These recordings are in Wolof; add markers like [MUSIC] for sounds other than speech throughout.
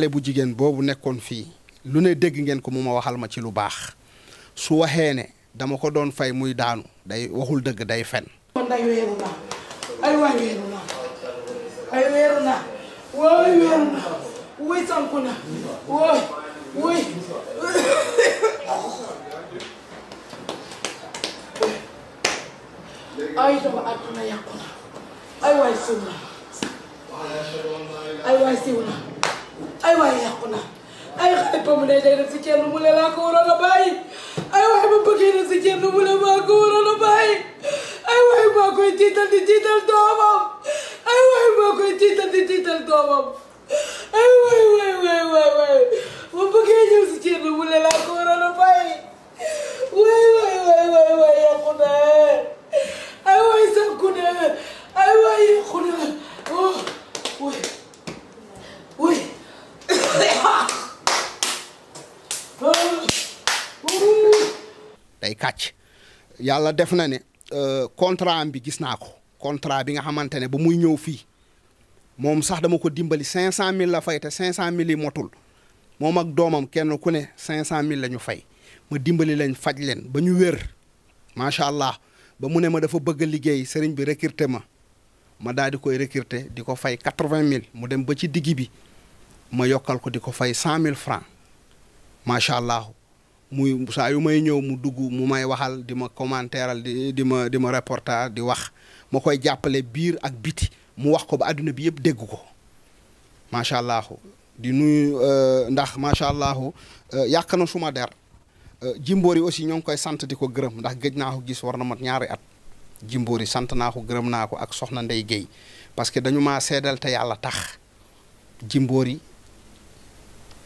xale jigéen boobu nekkoon fii lu ne dégg ngeen ko waxal ma ci lu baax su waxee ne dama ko doon fay muy daanu day waxul dëgg day fen ay waay weeru naa wuy sanku na wuy ay dama àdduna yàqu na ay waay suuf na ay waaye yàqu naa ay xale ba mu ne day def si kenn mu ne laa ko waroon a bàyyi ay waaye ba bëggee def si kenn mu ne maa ko waroon a bàyyi ay waaye maa koy tiital di tiital doomam ay waaye maa koy tiital di tiital doomam ay waay waay waay waay waay ba bëggee ñëw si kenn mu ne laa ko waroon a bàyyi waay waay waay waay waay yàqu naa ay waay sànku naa ay waay yàqu naa oh waay waay tey kàcc yàlla def na ne euh, contrat am bi gis naa ko contrat bi nga xamante ne ba muy ñëw fii moom sax dama ko dimbali cinq cent mille la fay te cinq cent mille motul moom ak doomam kenn ku ne cinq cent mille la fay ma dimbali lañ faj leen ba ñu wér macha allah ba mu ne ma dafa bëgg a liggéey sëriñ bi recruté ma ma daal koy recruté di ko fay quatre vingt mille mu dem ba ci digg bi ma yokkal ko di ko fay cent mille francs macha allah muy saa yu may ñëw mu dugg mu may waxal di ma commentéral di di ma di ma reportage di wax ma koy jàppale biir ak biti mu wax ko ba àdduna bi yëpp dégg ko macha allah di nuyu euh, ndax macha allah euh, yàq na suma der euh, jimboor yi aussi ñoo ngi koy sant di ko gërëm ndax gëj naa ko gis war na mat ñaari at jimboor yi sant naa ko gërëm naa ko ak soxna Ndey Guèye parce que dañu maa seedal te yàlla tax jimboor yi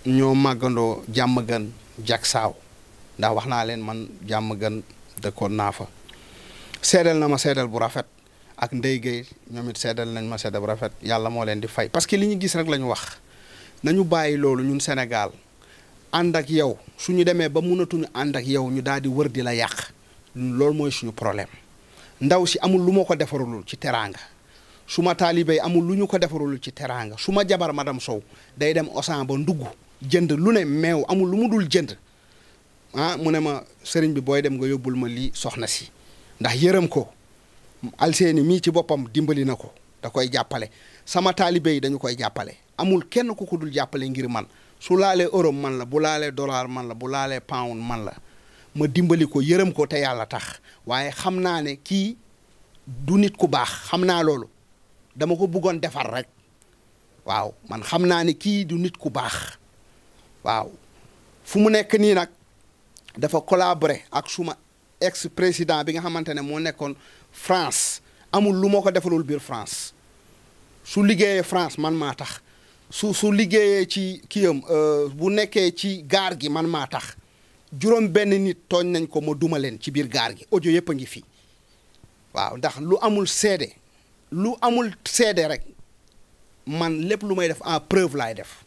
ñoo màggandoo jàmm gan jak saaw ndax wax naa leen man jàmm gan dëkkoon naa fa seedal na ma seddal bu rafet ak ndey gay ñoom it nañ ma seedal bu rafet yàlla moo leen di fay parce que li ñu gis rek la ñu wax nañu bàyyi loolu ñun senegal ànd ak yow suñu demee ba mënatuñu ànd ak yow ñu daal di wër di la yàq loolu mooy suñu problème ndaw si amul lu ma ko defaralul ci teraanga su ma taalibe amul lu ñu ko defaralul ci teraanga su ma jabar madame Sow day dem Osan ba ndugg jënd lu ne meew amul lu mu dul jënd ah mu ne ma sëriñ bi booy dem nga yóbbul ma lii soxna si ndax yërëm ko alseeni mii ci boppam dimbali na ko da koy jàppale sama taalibe yi dañu koy jàppale amul kenn ku ko dul jàppale ngir man su laalee euro man la bu laalee dollar man la bu laalee pound man la ma dimbali ko yërëm ko te yàlla tax waaye xam naa ne kii du nit ku baax xam naa loolu dama ko buggoon defar rek waaw man xam naa ne kii du nit ku baax waaw fu mu nekk nii nag dafa collaborer ak suma ex président bi nga xamante ne moo nekkoon France amul lu moo ko defalul biir France su liggéeyee France man maa tax su su liggéeyee ci kiyam euh, bu nekkee ci gaar gi man maa tax juróom benn nit tooñ nañ ko ma duma leen ci biir gaar gi ojo yëpp a ngi fi waaw ndax lu amul seede lu amul seede rek man lépp lu may def en preuve laay def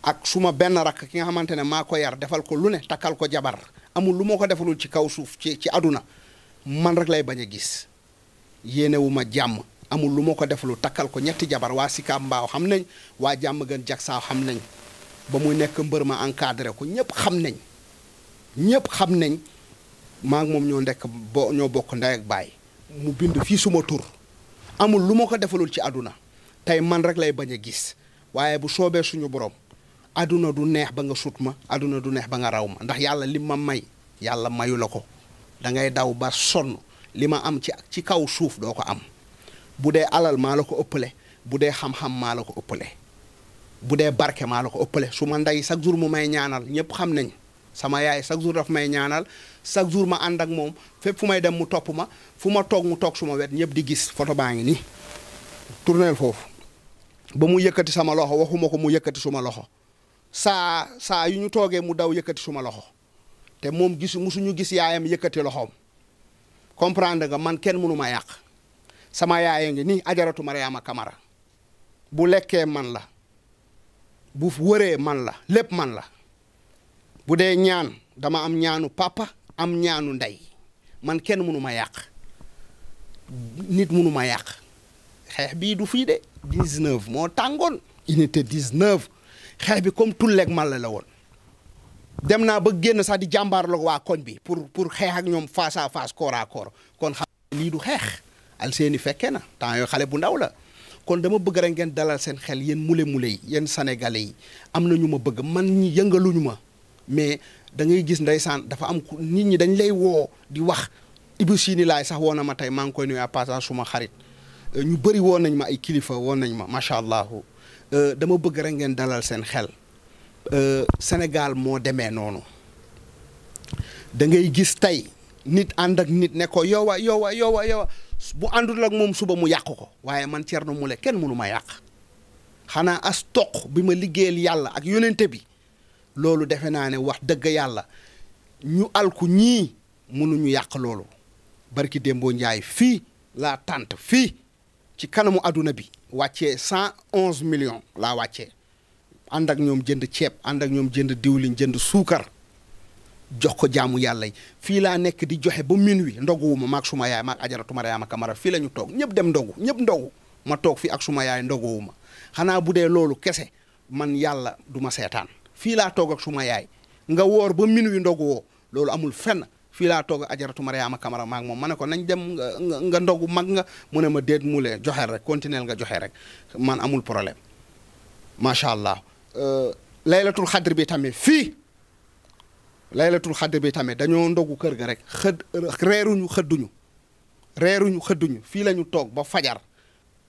ak suma benn rakk ki nga xamante ne maa ko yar defal ko lu ne takkal ko jabar amul lu ma ko defalul ci kaw suuf ci ci àdduna man rek lay bañ a gis yéenewu ma jàmm amul lu ma ko defalul takkal ko ñetti jabar waa Sicap Mbao xam nañ waa jàmm gën Jaksaaw xam nañ ba muy nekk mbër ma encadré ko ñëpp xam nañ ñëpp xam nañ maa moom ñoo ndekk bo ñoo bokk ndey baay mu bind fii suma tur amul lu ma ko defalul ci àdduna tey man rek lay bañ a gis waaye bu soobee suñu borom. àdduna du neex ba nga sut ma àdduna du neex ba nga raw ma ndax yàlla lim ma may yàlla mayu la ko da ngay daw ba sonn li ma am ci ci kaw suuf doo ko am bu dee alal maa la ko ëppale bu dee xam-xam maa la ko ëppale bu dee barke maa la ko ëppale su ma ndey chaque jour mu may ñaanal ñëpp xam nañ sama yaay chaque jour daf may ñaanal chaque jour ma ànd ak moom fépp fu may dem mu topp ma fu ma toog mu toog suma wet ñëpp di gis photo baa ngi nii tourneel foofu ba mu yëkkati sama loxo waxuma ko mu yëkkati suma loxo saa saa yu ñu toogee mu daw yëkkati suma loxo te moom gis musuñu gis yaayam yëkkati loxoom comprendre nga man kenn mënu ma yàq sama yaaya ngi nii ajaratu Mariama Kamara bu lekkee man la bu wëree man la lépp man la bu dee ñaan dama am ñaanu papa am ñaanu ndey man kenn mënu ma yàq nit mënu ma yàq xeex bii du fii de 19 moo tàngoon unité 19 xeex bi comme tulleeg màlla la woon dem naa ba génn sax di jàmbaarloog waa koñ bi pour pour xeex ak ñoom face à face corps kon xam lii du xeex Alseyni fekkee na temps yooyu xale bu ndaw la kon dama bëgg rek ngeen dalal seen xel yéen mule mule yi yéen sénégalais yi am na ñu ma bëgg man ñi yëngaluñu ma mais da ngay gis ndeysaan dafa am nit ñi dañ lay woo di wax Ibou Sini laay sax woo na ma tey maa ngi koy nuyu à suma xarit euh, ñu bëri woo nañ ma ay kilifa woon nañ ma macha allah Euh, dama bëgg rek ngeen dalal seen xel euh, Sénégal moo demee noonu dangay gis tey nit ànd ak nit ne ko yow a yow yow a bu àndul ak moom suba mu yàq ko waaye man mu Moule kenn mënu ma yàq xanaa as toq bi ma liggéeyal yàlla ak yonente bi loolu defe naa ne wax dëgg yàlla ñu alku ñii mënuñu yàq loolu barki démboo njaay fii laa tànt fii ci kanamu àdduna bi wàccee cent onze million laa wàccee ànd ak ñoom jënd ceeb ànd ak ñoom jënd diwlin jënd suukar jox ko jaamu yàlla fii laa nekk di joxe ba minuit ndoguwuma maag suma yaay maag ajaratu Mariama Kamara fii la ñu toog ñëpp dem ndogu ñëpp ndogu ma toog fii ak suma yaay ndoguwuma xanaa bu dee loolu kese man yàlla du ma seetaan fii laa toog ak suma yaay nga woor ba minuit ndogu woo loolu amul fenn fii laa toog ajaratu Mariama Kamara maak moom ma ne ko nañ dem nga nga ndogu mag nga mu ne ma déet mu lee joxe rek continuer nga joxe rek man amul problème macha allah. Euh, laylatul xadr bi tamit fii laylatul xadr bi tamit dañoo ndogu kër ga rek xëd xëdduñu reeruñu xëdduñu fii la ñu toog ba fajar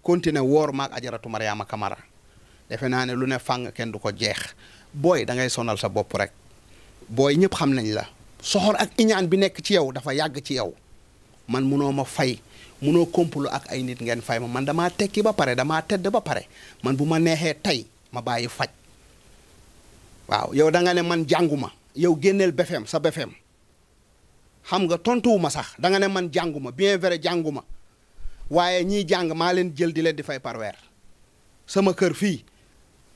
continuer woor maak ajaratu Mariama Kamara defe naa ne lu ne fàng kenn du ko jeex booy da ngay sonal sa bopp rek booy ñëpp xam nañ la. soxor ak iñaan bi nekk ci yow dafa yàgg ci yow man munoo ma fay munoo komplo ak ay nit ngeen fay ma man damaa tekki ba pare damaa tedd ba pare man bu ma neexee tey ma bàyyi faj waaw yow da ne man jànguma yow génneel befem sa befem xam nga tontuwuma sax da ne man jànguma bien vrai jànguma waaye ñiy jàng maa leen jël di leen di fay parweer sama kër fii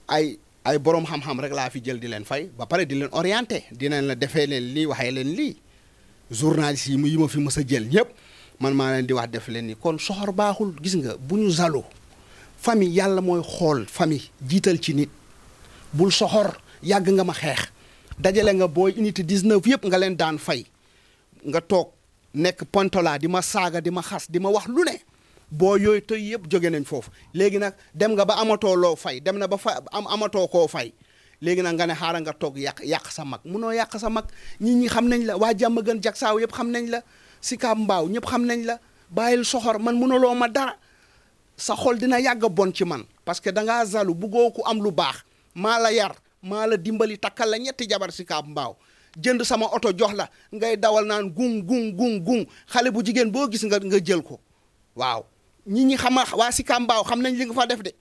ay ay borom xam-xam rek laa fi jël di leen fay ba pare di leen orienté dinañ la defee leen lii waxee leen lii journaliste yi yi ma fi mës a jël ñëpp man maa leen di wax def leen nii kon soxor baaxul gis nga bu ñu zalu famille yàlla mooy xool famille jiital ci nit bul soxor yàgg nga ma xeex dajale nga booy unité 19 yëpp nga leen daan fay nga toog nekk pontolaa di ma saaga di ma xas di ma wax lu ne boo yooyu tey yëpp joge nañ foofu léegi nag dem nga ba amatoo loo fay dem na ba fa am amatoo koo fay léegi nag nga ne xaaral nga toog yàq yàq sa mag munoo yàq sa mag nit ñi xam nañ la waa jàmm gën jak saaw yëpp xam nañ la Sicap mbaaw ñëpp xam nañ la bàyyil soxor man munaloo ma dara sa xol dina yàgg bon ci man parce que da ngaa zalu buggoo ku am lu baax maa la yar maa la dimbali takkal la ñetti jabar Sicap mbaaw jënd sama oto jox la ngay dawal naan gung gung gung gung xale bu jigéen boo gis nga nga jël ko waaw ñi ñi xama waa si kambaaw xam nañ li nga fa def de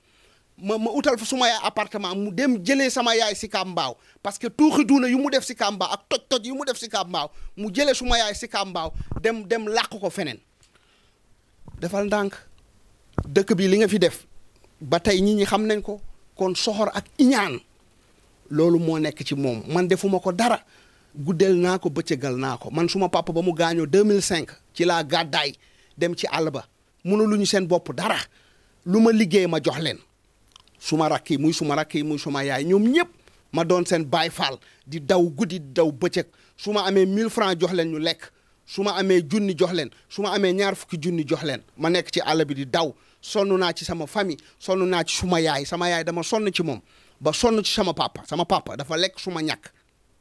ma ma utal fa suma yaay appartement mu dem jëlee sama yaay si kambaaw parce que tuuxi duuna yu mu def si kambaaw ak toj-toj yu mu def si kambaaw mu jëlee suma yaay si kambaaw dem dem làq ko feneen defal ndànk dëkk bi li nga fi def ba tey ñi ñi xam nañ ko kon soxor ak iñaan loolu moo nekk ci moom man defuma ko dara guddeel naa ko ba bëccëgal naa ko man suma papa ba mu gaañoo 2005 ci laa gàddaay dem ci àll ba ñu seen bopp dara lu ma liggéey ma jox leen suma rakk yi muy suma rakk yi muy suma yaay ñoom ñëpp ma doon seen baay faal di daw guddi di daw bëccëg su ma amee mill francs jox leen ñu lekk su ma amee junni jox leen su ma amee ñaar fukki junni jox leen ma nekk ci àll bi di daw sonn naa ci sama famille sonn naa ci suma yaay sama yaay dama sonn ci moom ba sonn ci sama papa sama papa dafa lekk suma ñàkk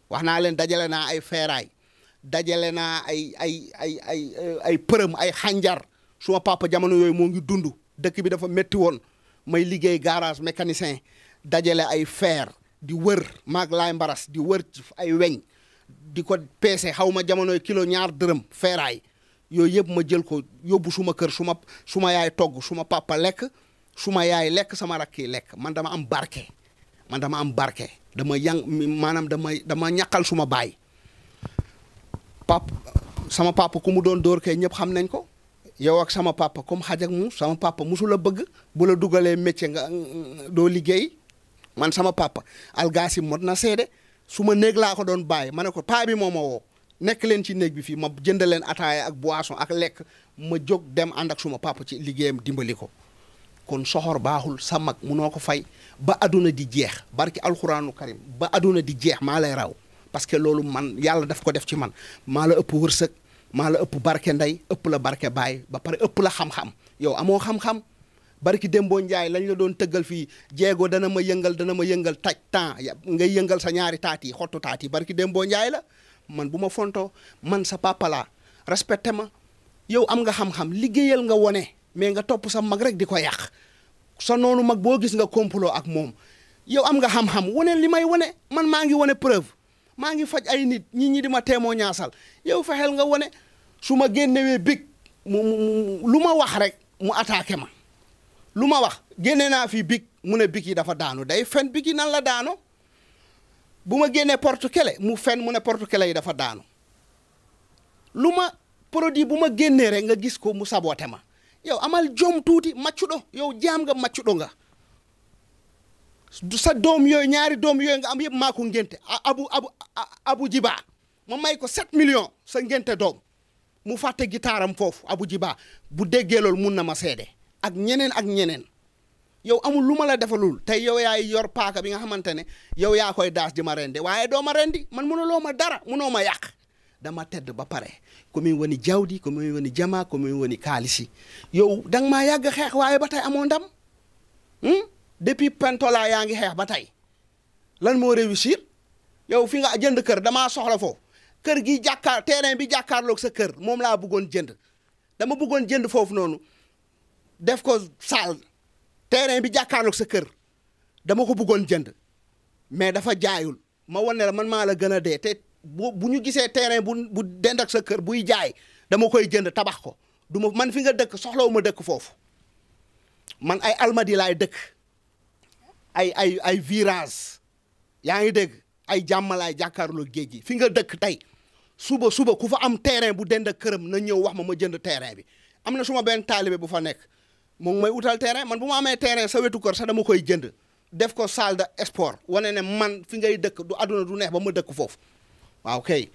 wax naa leen dajale naa ay feeraay dajale naa ay ay ay ay ay përëm ay xànjar suma papa jamono yooyu moo ngi dund dëkk bi dafa métti woon may liggéey garage mécanicien dajale ay feer di wër maag laay mbaras di wër ay weñ di ko peese xaw ma jamonoy kilo ñaar dërëm feeraay yooyu yëpp ma jël ko yóbbu suma kër suma suma yaay togg suma papa lekk suma yaay lekk sama rakk yi lekk man dama am barke man dama am barke dama yang maanaam dama dama ñàkkal suma baay pap sama papa ku mu doon dóor kay ñëpp xam nañ ko yow ak sama papa comme xaj ak mu sama papa musul a bëgg bu la dugalee métier nga doo liggéey man sama papa algaasi mot na seede su ma néeg laa ko doon bàyyi ma ne ko paa bi moo ma woo nekk leen ci néeg bi fii ma jënd leen ataaya ak boisson ak lekk ma jóg dem ànd ak suma papa ci liggéeyam dimbali ko kon soxor baaxul sa mag noo ko fay ba aduna di jeex barki alxuraanu karim ba aduna di jeex maa lay raw parce que loolu man yàlla def ko def ci man maa la ëpp wërsëg maa la ëpp barke ndey ëpp la barke baay ba pare ëpp la xam-xam yow amoo xam-xam barki Dembo Ndiaye lañ la doon tëggal fii jéego dana ma yëngal dana ma yëngal taj temps ngay yëngal sa ñaari taat yi xottu taat yi barki Dembo Ndiaye la man bu ma fontoo man sa papa respecté ma yow am nga xam-xam liggéeyal nga wone mais nga topp sa mag rek di ko yàq sa noonu mag boo gis nga complot ak moom yow am nga xam-xam wone li may wone man maa ngi wone preuve maa ngi faj ay nit ñi ñi di ma témoignaasal yow fexeel nga wone su ma génnewee big mu lu ma wax rek mu attaqué ma lu ma wax génne naa fii big mu ne big yi dafa daanu day fen big yi nan la daano bu ma génnee porte-clé mu fen mu ne porte-clé yi dafa daanu lu ma produit bu ma génnee rek nga gis ko mu saboote ma yow amal jom tuuti maccudo yow jaam nga maccudo nga sa doom yooyu ñaari doom yooyu nga am yëpp maa ko ngénte abu abu abu jibaa ma may ko 7 million sa ngénte doom mu fàtte gitaaram foofu abu jiba bu déggee loolu mun na ma seede ak ñeneen ak ñeneen yow amul lu ma la defalul tey yow yaay yor paaka bi nga xamante ne yow yaa koy daas di ma rendi waaye doo ma rendi man mënuloo ma dara mënoo ma yàq dama tedd ba pare ko muy woni jawdi ko muy woni jamaa ko muy woni kaalisi yow danga ma yàgg xeex waaye ba tey amoo dam hmm? depuis pentola yaa ngi xeex ba tey lan moo réussir yow fi nga a jënd kër damaa soxla foofu kër gi jàkkaar terrain bi jàkkaarloog sa kër moom laa bëggoon jënd dama bëggoon jënd foofu noonu def ko salle terrain bi jàkkaarloog sa kër dama ko buggoon jënd mais dafa jaayul ma wan ne la man maa la gën a dee te bu bu ñu gisee terrain bu bu dend ak sa kër buy jaay dama koy jënd tabax ko duma man fi nga dëkk soxlawu ma dëkk foofu man ay almadi laay dëkk ay ay ay virage yaa ngi dégg ay jàmmalaay jàkkaarloo géej gi fi nga dëkk tey suba suba ku fa am terrain bu dend ak këram na ñëw wax ma ma jënd terrain bi am na su benn taalibe bu fa nekk moom may utal terrain man bu ma amee terrain sa wetu kër dama koy jënd def ko salle de wane ne man fi ngay dëkk du àdduna du neex ba ma dëkk foofu waaw kay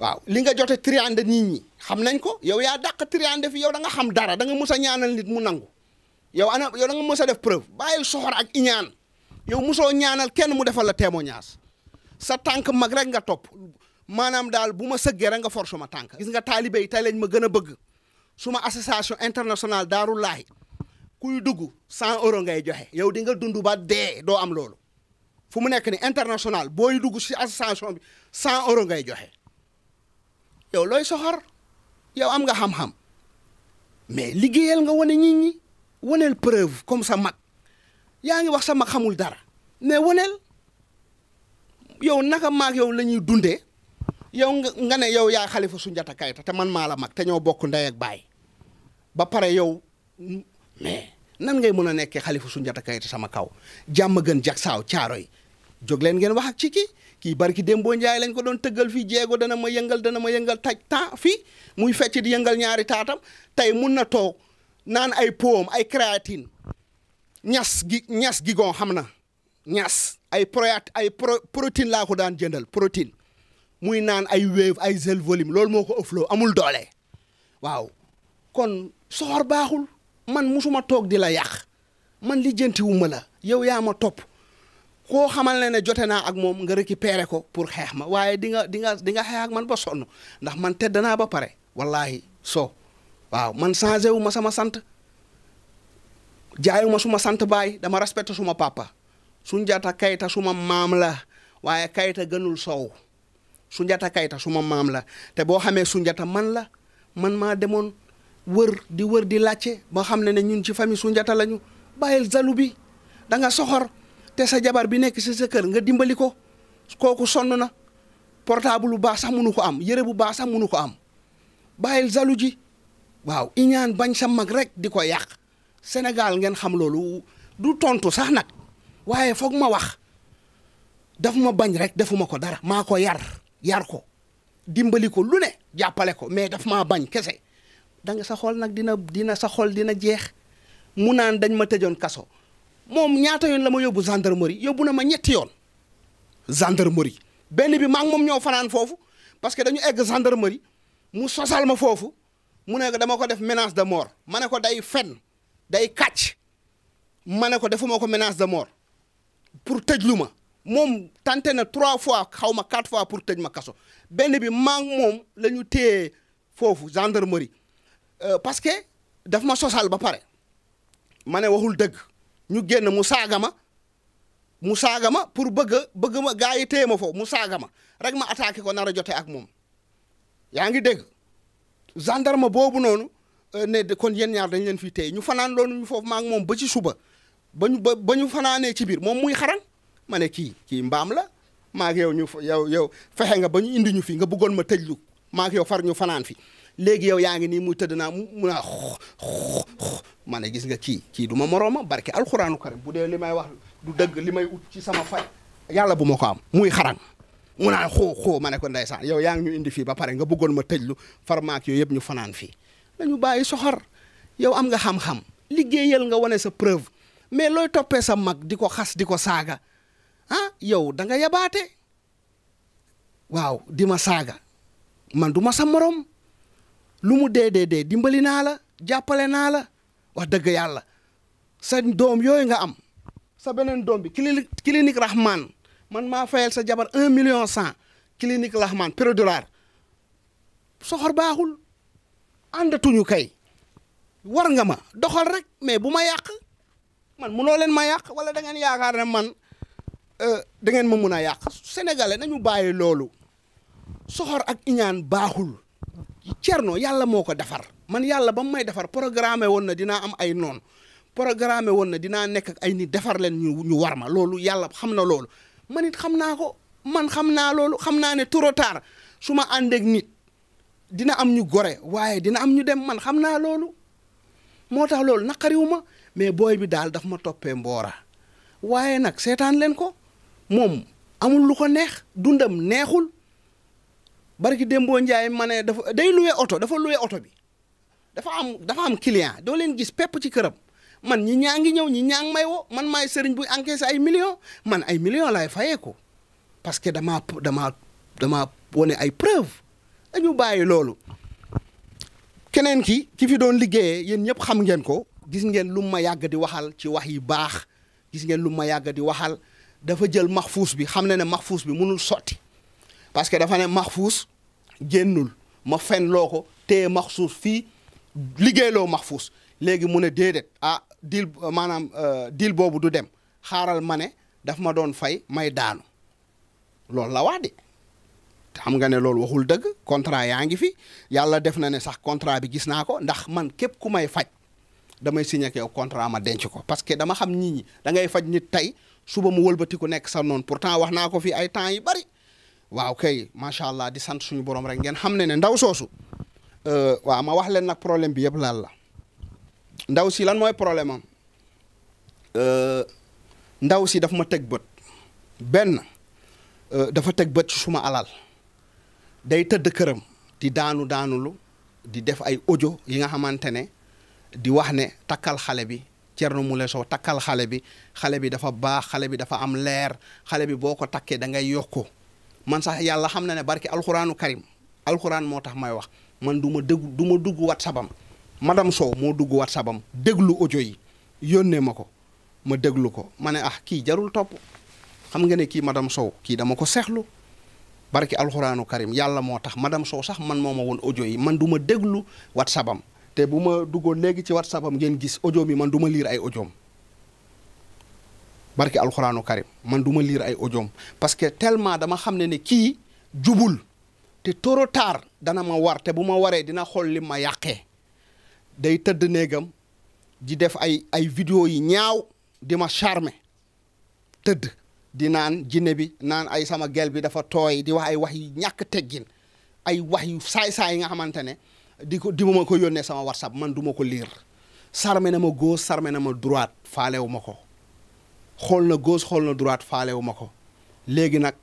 waaw li nga jote triande nit ñi xam nañ ko yow yaa dàq triande fi yow da nga xam dara da nga mës a ñaanal nit mu nangu yow ana yow da nga mës a def preuve bàyyil soxor ak iñaan yow mosoo ñaanal kenn mu defal la témoignage sa tànk mag rek nga topp maanaam daal bu ma sëggee rek nga for suma tànk gis nga taalibe yi tey ma gën a bëgg suma association internationale daaru laahi kuy dugg cent euro ngay joxe yow dinga nga dund ba dee doo am loolu fu mu nekk ni international booy dugg si association bi cent euro ngay joxe yow looy soxor yow am nga xam-xam mais liggéeyal nga wane nit ñi waneel preuve comme sa mag yaa ngi wax sa mag xamul dara mais waneel yow naka maag yow la ñuy dundee yow nga ne yow yaa Xalifa Soundiata Keita te man maa la mag te ñoo bokk ndey ak baay ba pare yow mais nan ngay mën a nekkee Xalifa Soundiata Keita sama kaw jàmm gën jag saaw caaro yi jóg leen ngeen wax ak ci ki kii barki dem boo Njaay lañ ko doon tëggal fii jeego dana ma yëngal dana ma yëngal taj temps fii muy fecc di yëngal ñaari taatam tey mun na toog naan ay poom ay créatine ñas gi ñas gi gon xam na ñas ay proat ay protéine laa ko daan jëndal protéine muy naan ay wave ay gel volim loolu moo ko ëffloo amul doole waaw kon soxor baaxul man musuma toog di la yàq man lijjantiwu ma la yow yaa ma topp koo xamal ne ne jote naa ak moom nga récupéré ko pour xeex ma waaye di nga di nga di nga xeex ak man ba sonn ndax man tedd naa ba pare wallaahi so waaw man changé wu ma sama sant jaayu ma suma sant baay dama respecté suma papa Soundiata Keita suma maam la waaye Keita gënul soow su Sunjata Kayta suma maam la te boo xamee njata man la man maa demoon wër di wër di laajte ba xam ne ne ñun ci famille Sunjata lañu bàyyil zalu bi da nga soxor te sa jabar bi nekk si sa kër nga dimbali ko kooku sonn na portable bu baax sax mënu ko am yëre bu baax sax mënu ko am bàyyil zalu ji waaw iñaan bañ sa rek di ko yàq Sénégal ngeen xam loolu du tontu sax nag waaye foog ma wax daf ma bañ rek defuma ko dara maa ko yar yar ko dimbali ko lu ne jàppale ko mais daf ma bañ kese da nga sa xol nag dina dina sa xol dina jeex mu naan dañ ma tëjoon kaso moom ñaata yoon la ma yóbbu gendarmerie yóbbu na ma ñetti yoon gendarmerie benn bi maa moom ñoo fanaan foofu parce que dañu egg gendarmerie mu sosal ma foofu mu ne dama ko def menace de mort ma ne ko day fen day kàcc ma ne ko defuma ko menace de mort pour tëjlu ma moom tenté na trois fois xaw ma quatre fois pour tëj ma kaso benn bi maa ngi moom la ñu téye foofu gendarmerie euh, parce que daf ma sosal ba pare ma ne waxul dëgg ñu génn mu saaga ma mu saaga ma pour bëgg a bëgg ma gars yi téye ma foofu mu saaga ma rek ma attaqué ko nar a jote ak moom yaa ngi dégg gendarme boobu noonu euh, ne kon yéen ñaar dañ leen fi téye ñu fanaan loolu ñu foofu maa moom ba ci suba ba ñu ba ñu fanaanee ci biir moom muy xaran ma ne kii kii mbaam la maa ngi yow yow yow fexe nga ba ñu indi ñu fi nga bëggoon ma tëjlu maa ngi yow far ñu fanaan fi léegi yow yaa ngi nii muy tëdd naa mu naa ma ne gis nga kii kii du ma morooma barke alxuraanu karim bu dee li may wax du dëgg li may ut ci sama fay yàlla bu ma ko am muy xaran mu naa xoo xoo ma ne ko yow yaa ngi ñu indi fii ba pare nga bëggoon ma tëjlu far maak yooyu yëpp ñu fanaan fii nañu bàyyi soxor yow am nga xam-xam liggéeyal nga wane sa preuve mais looy toppee sa mag di ko xas di ko saaga ah yow danga yabaate waaw di ma saaga man du ma sa morom lu mu dee dee dee dimbali naa la jàppale naa la wax dëgg yàlla sa doom yooyu nga am sa beneen doom bi clinique clinique Rahman man maa fayal sa jabar un million cent clinique Rahman péridurale soxor baaxul àndatuñu kay war nga ma doxal rek mais bu ma yàq man munoo leen ma yàq wala da ngeen yaakaar ne man. Euh, da ngeen ma mun a yàq sénégalais nañu bàyyi loolu soxor ak iñaan baaxul cerno yàlla moo ko defar man yàlla ba mu may defar programme woon na dinaa am ay noon programme woon na dinaa nekk ay nit defar leen ñu ñu war ma loolu yàlla xam na loolu man it xam naa ko man xam naa loolu xam naa ne trop tard su ma ànd dina am ñu gore waaye dina am ñu dem man xam naa loolu moo tax loolu naqariwu ma mais booy bi daal daf ma toppee mboora waaye nag seetaan leen ko moom amul lu ko neex dundam neexul barki Dembo Ndiaye ma ne dafa day loué oto dafa loué oto bi dafa am dafa am client doo leen gis pepp ci këram man ñi ñaa ngi ñëw ñi ñaa may woo man may sëriñ buy encaissé ay millions man ay millions laay fayee ko parce que damaa dama damaa wane ay preuve dañu bàyyi loolu. keneen ki ki fi doon liggéeyee yéen ñëpp xam ngeen ko gis ngeen lum ma yàgg di waxal ci wax yi baax gis ngeen lu ma yàgg di waxal. dafa jël max maxfuus bi xam ne ne max maxfuus bi munul sotti parce que dafa ne max maxfuus génnul ma fen loo ko max maxfuus fii liggéeyloo maxfuus léegi mu ne déedéet ah dil maanaam euh, dil boobu du dem xaaral ma ne daf ma doon fay may daanu loolu la wax de te xam nga ne loolu waxul dëgg contrat yaa ngi fi yàlla def na ne sax contrat bi gis naa ko ndax man képp ku may faj damay signé ak yow contrat ma denc ko parce que dama xam nit ñi da ngay faj nit tey suba mu wëlbatiku nekk sa noonu pourtant wax naa ko fi ay temps yi bari waaw kay macha allah di sant suñu borom rek ngeen xam ne ne ndaw soosu euh, waaw ma wax leen nag problème bi yëpp laal la ndaw si lan mooy problème am euh, ndaw si dafa ma teg bët benn euh, dafa teg bët ci suma alal day tëdd këram di daanu daanulu di def ay ojo yi nga xamante ne di wax ne takkal xale bi Thierno Moule Sow takkal xale bi xale bi dafa baax xale bi dafa am leer xale bi boo ko takkee da ngay yokku man sax yàlla xam na ne barki alxuraanu karim alxuraan moo tax may wax man du ma dëgg du ma dugg whatsapp am madame Sow moo dugg whatsapp am déglu audio yi yónnee ma ko ma déglu ko ma ne ah kii jarul topp xam nga ne kii madame Sow kii dama ko seexlu barki alxuraanu karim yàlla moo tax madame Sow sax man moo ma woon audio yi man duma ma wat whatsapp am te bu ma duggoon léegi ci whatsapp am ngeen gis audio mi man du ma liir ay audio barki alxuraanu karim man du liir ay audio parce que tellement dama xam ne ne kii jubul te trop tard dana ma war te bu ma waree dina xool li ma yàqee day tëdd néegam di def ay ay vidéo yi ñaaw di ma charmer tëdd di naan jinne bi naan ay sama gel dafa tooy di wax ay wax yi ñàkk teggin ay wax yu saay-saay yi nga xamante ne di ko di ma ko yónnee sama whatsapp man duma ko liir sarme na ma gauche sarme na ma droite faalewu ma ko xool na góos xool na droite faalewu ma ko léegi nag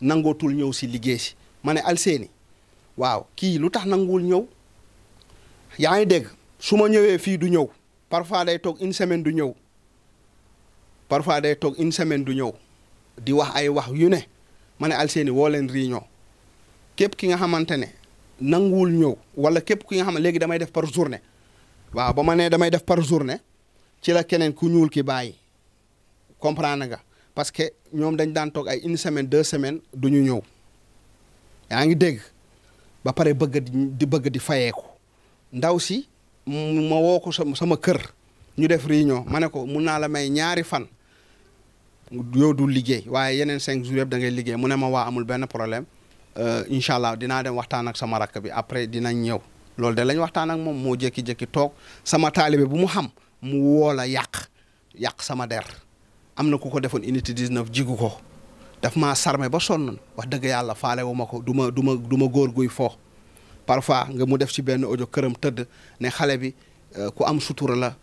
nangootul ñëw si liggéey si ma ne Alseyni waaw kii lu tax nanguwul ñëw yaa ngi dégg su ma ñëwee fii du ñëw parfois day toog une semaine du ñëw parfois day toog une semaine du ñëw di wax ay wax yu ne ma ne Alseyni woo leen réunion képp ki nga xamante ne nanguwul ñëw wala képp ki nga xam ne léegi damay def par journée waaw ba ma damay def par journée ci la keneen ku ñuul ki bàyyi comprendre nga parce que ñoom dañ daan toog ay une semaine deux semaine du ñu ñëw yaa ngi dégg ba pare bëgg di bëgg di fayeeku ndaw si ma woo ko sama kër ñu def réunion ma ne ko mun naa la may ñaari fan yow du liggéey waaye yeneen cinq jours yëpp da ngay liggéey mu ne ma waa amul benn problème Euh, incha allah dinaa dem waxtaan ak sama rakk bi après dinañ ñëw loolu de lañ waxtaan ak moom moo jékki-jékki toog sama taalibe bu mu xam mu woo la yàq yàq sama der am na ku ko defoon unité 19 jigu ko daf maa sarme ba sonn wax dëgg yàlla faale wu ma ko du ma du góor guy foo parfois nga mu def si benn audio këram tëdd ne xale bi euh, ku am sutura la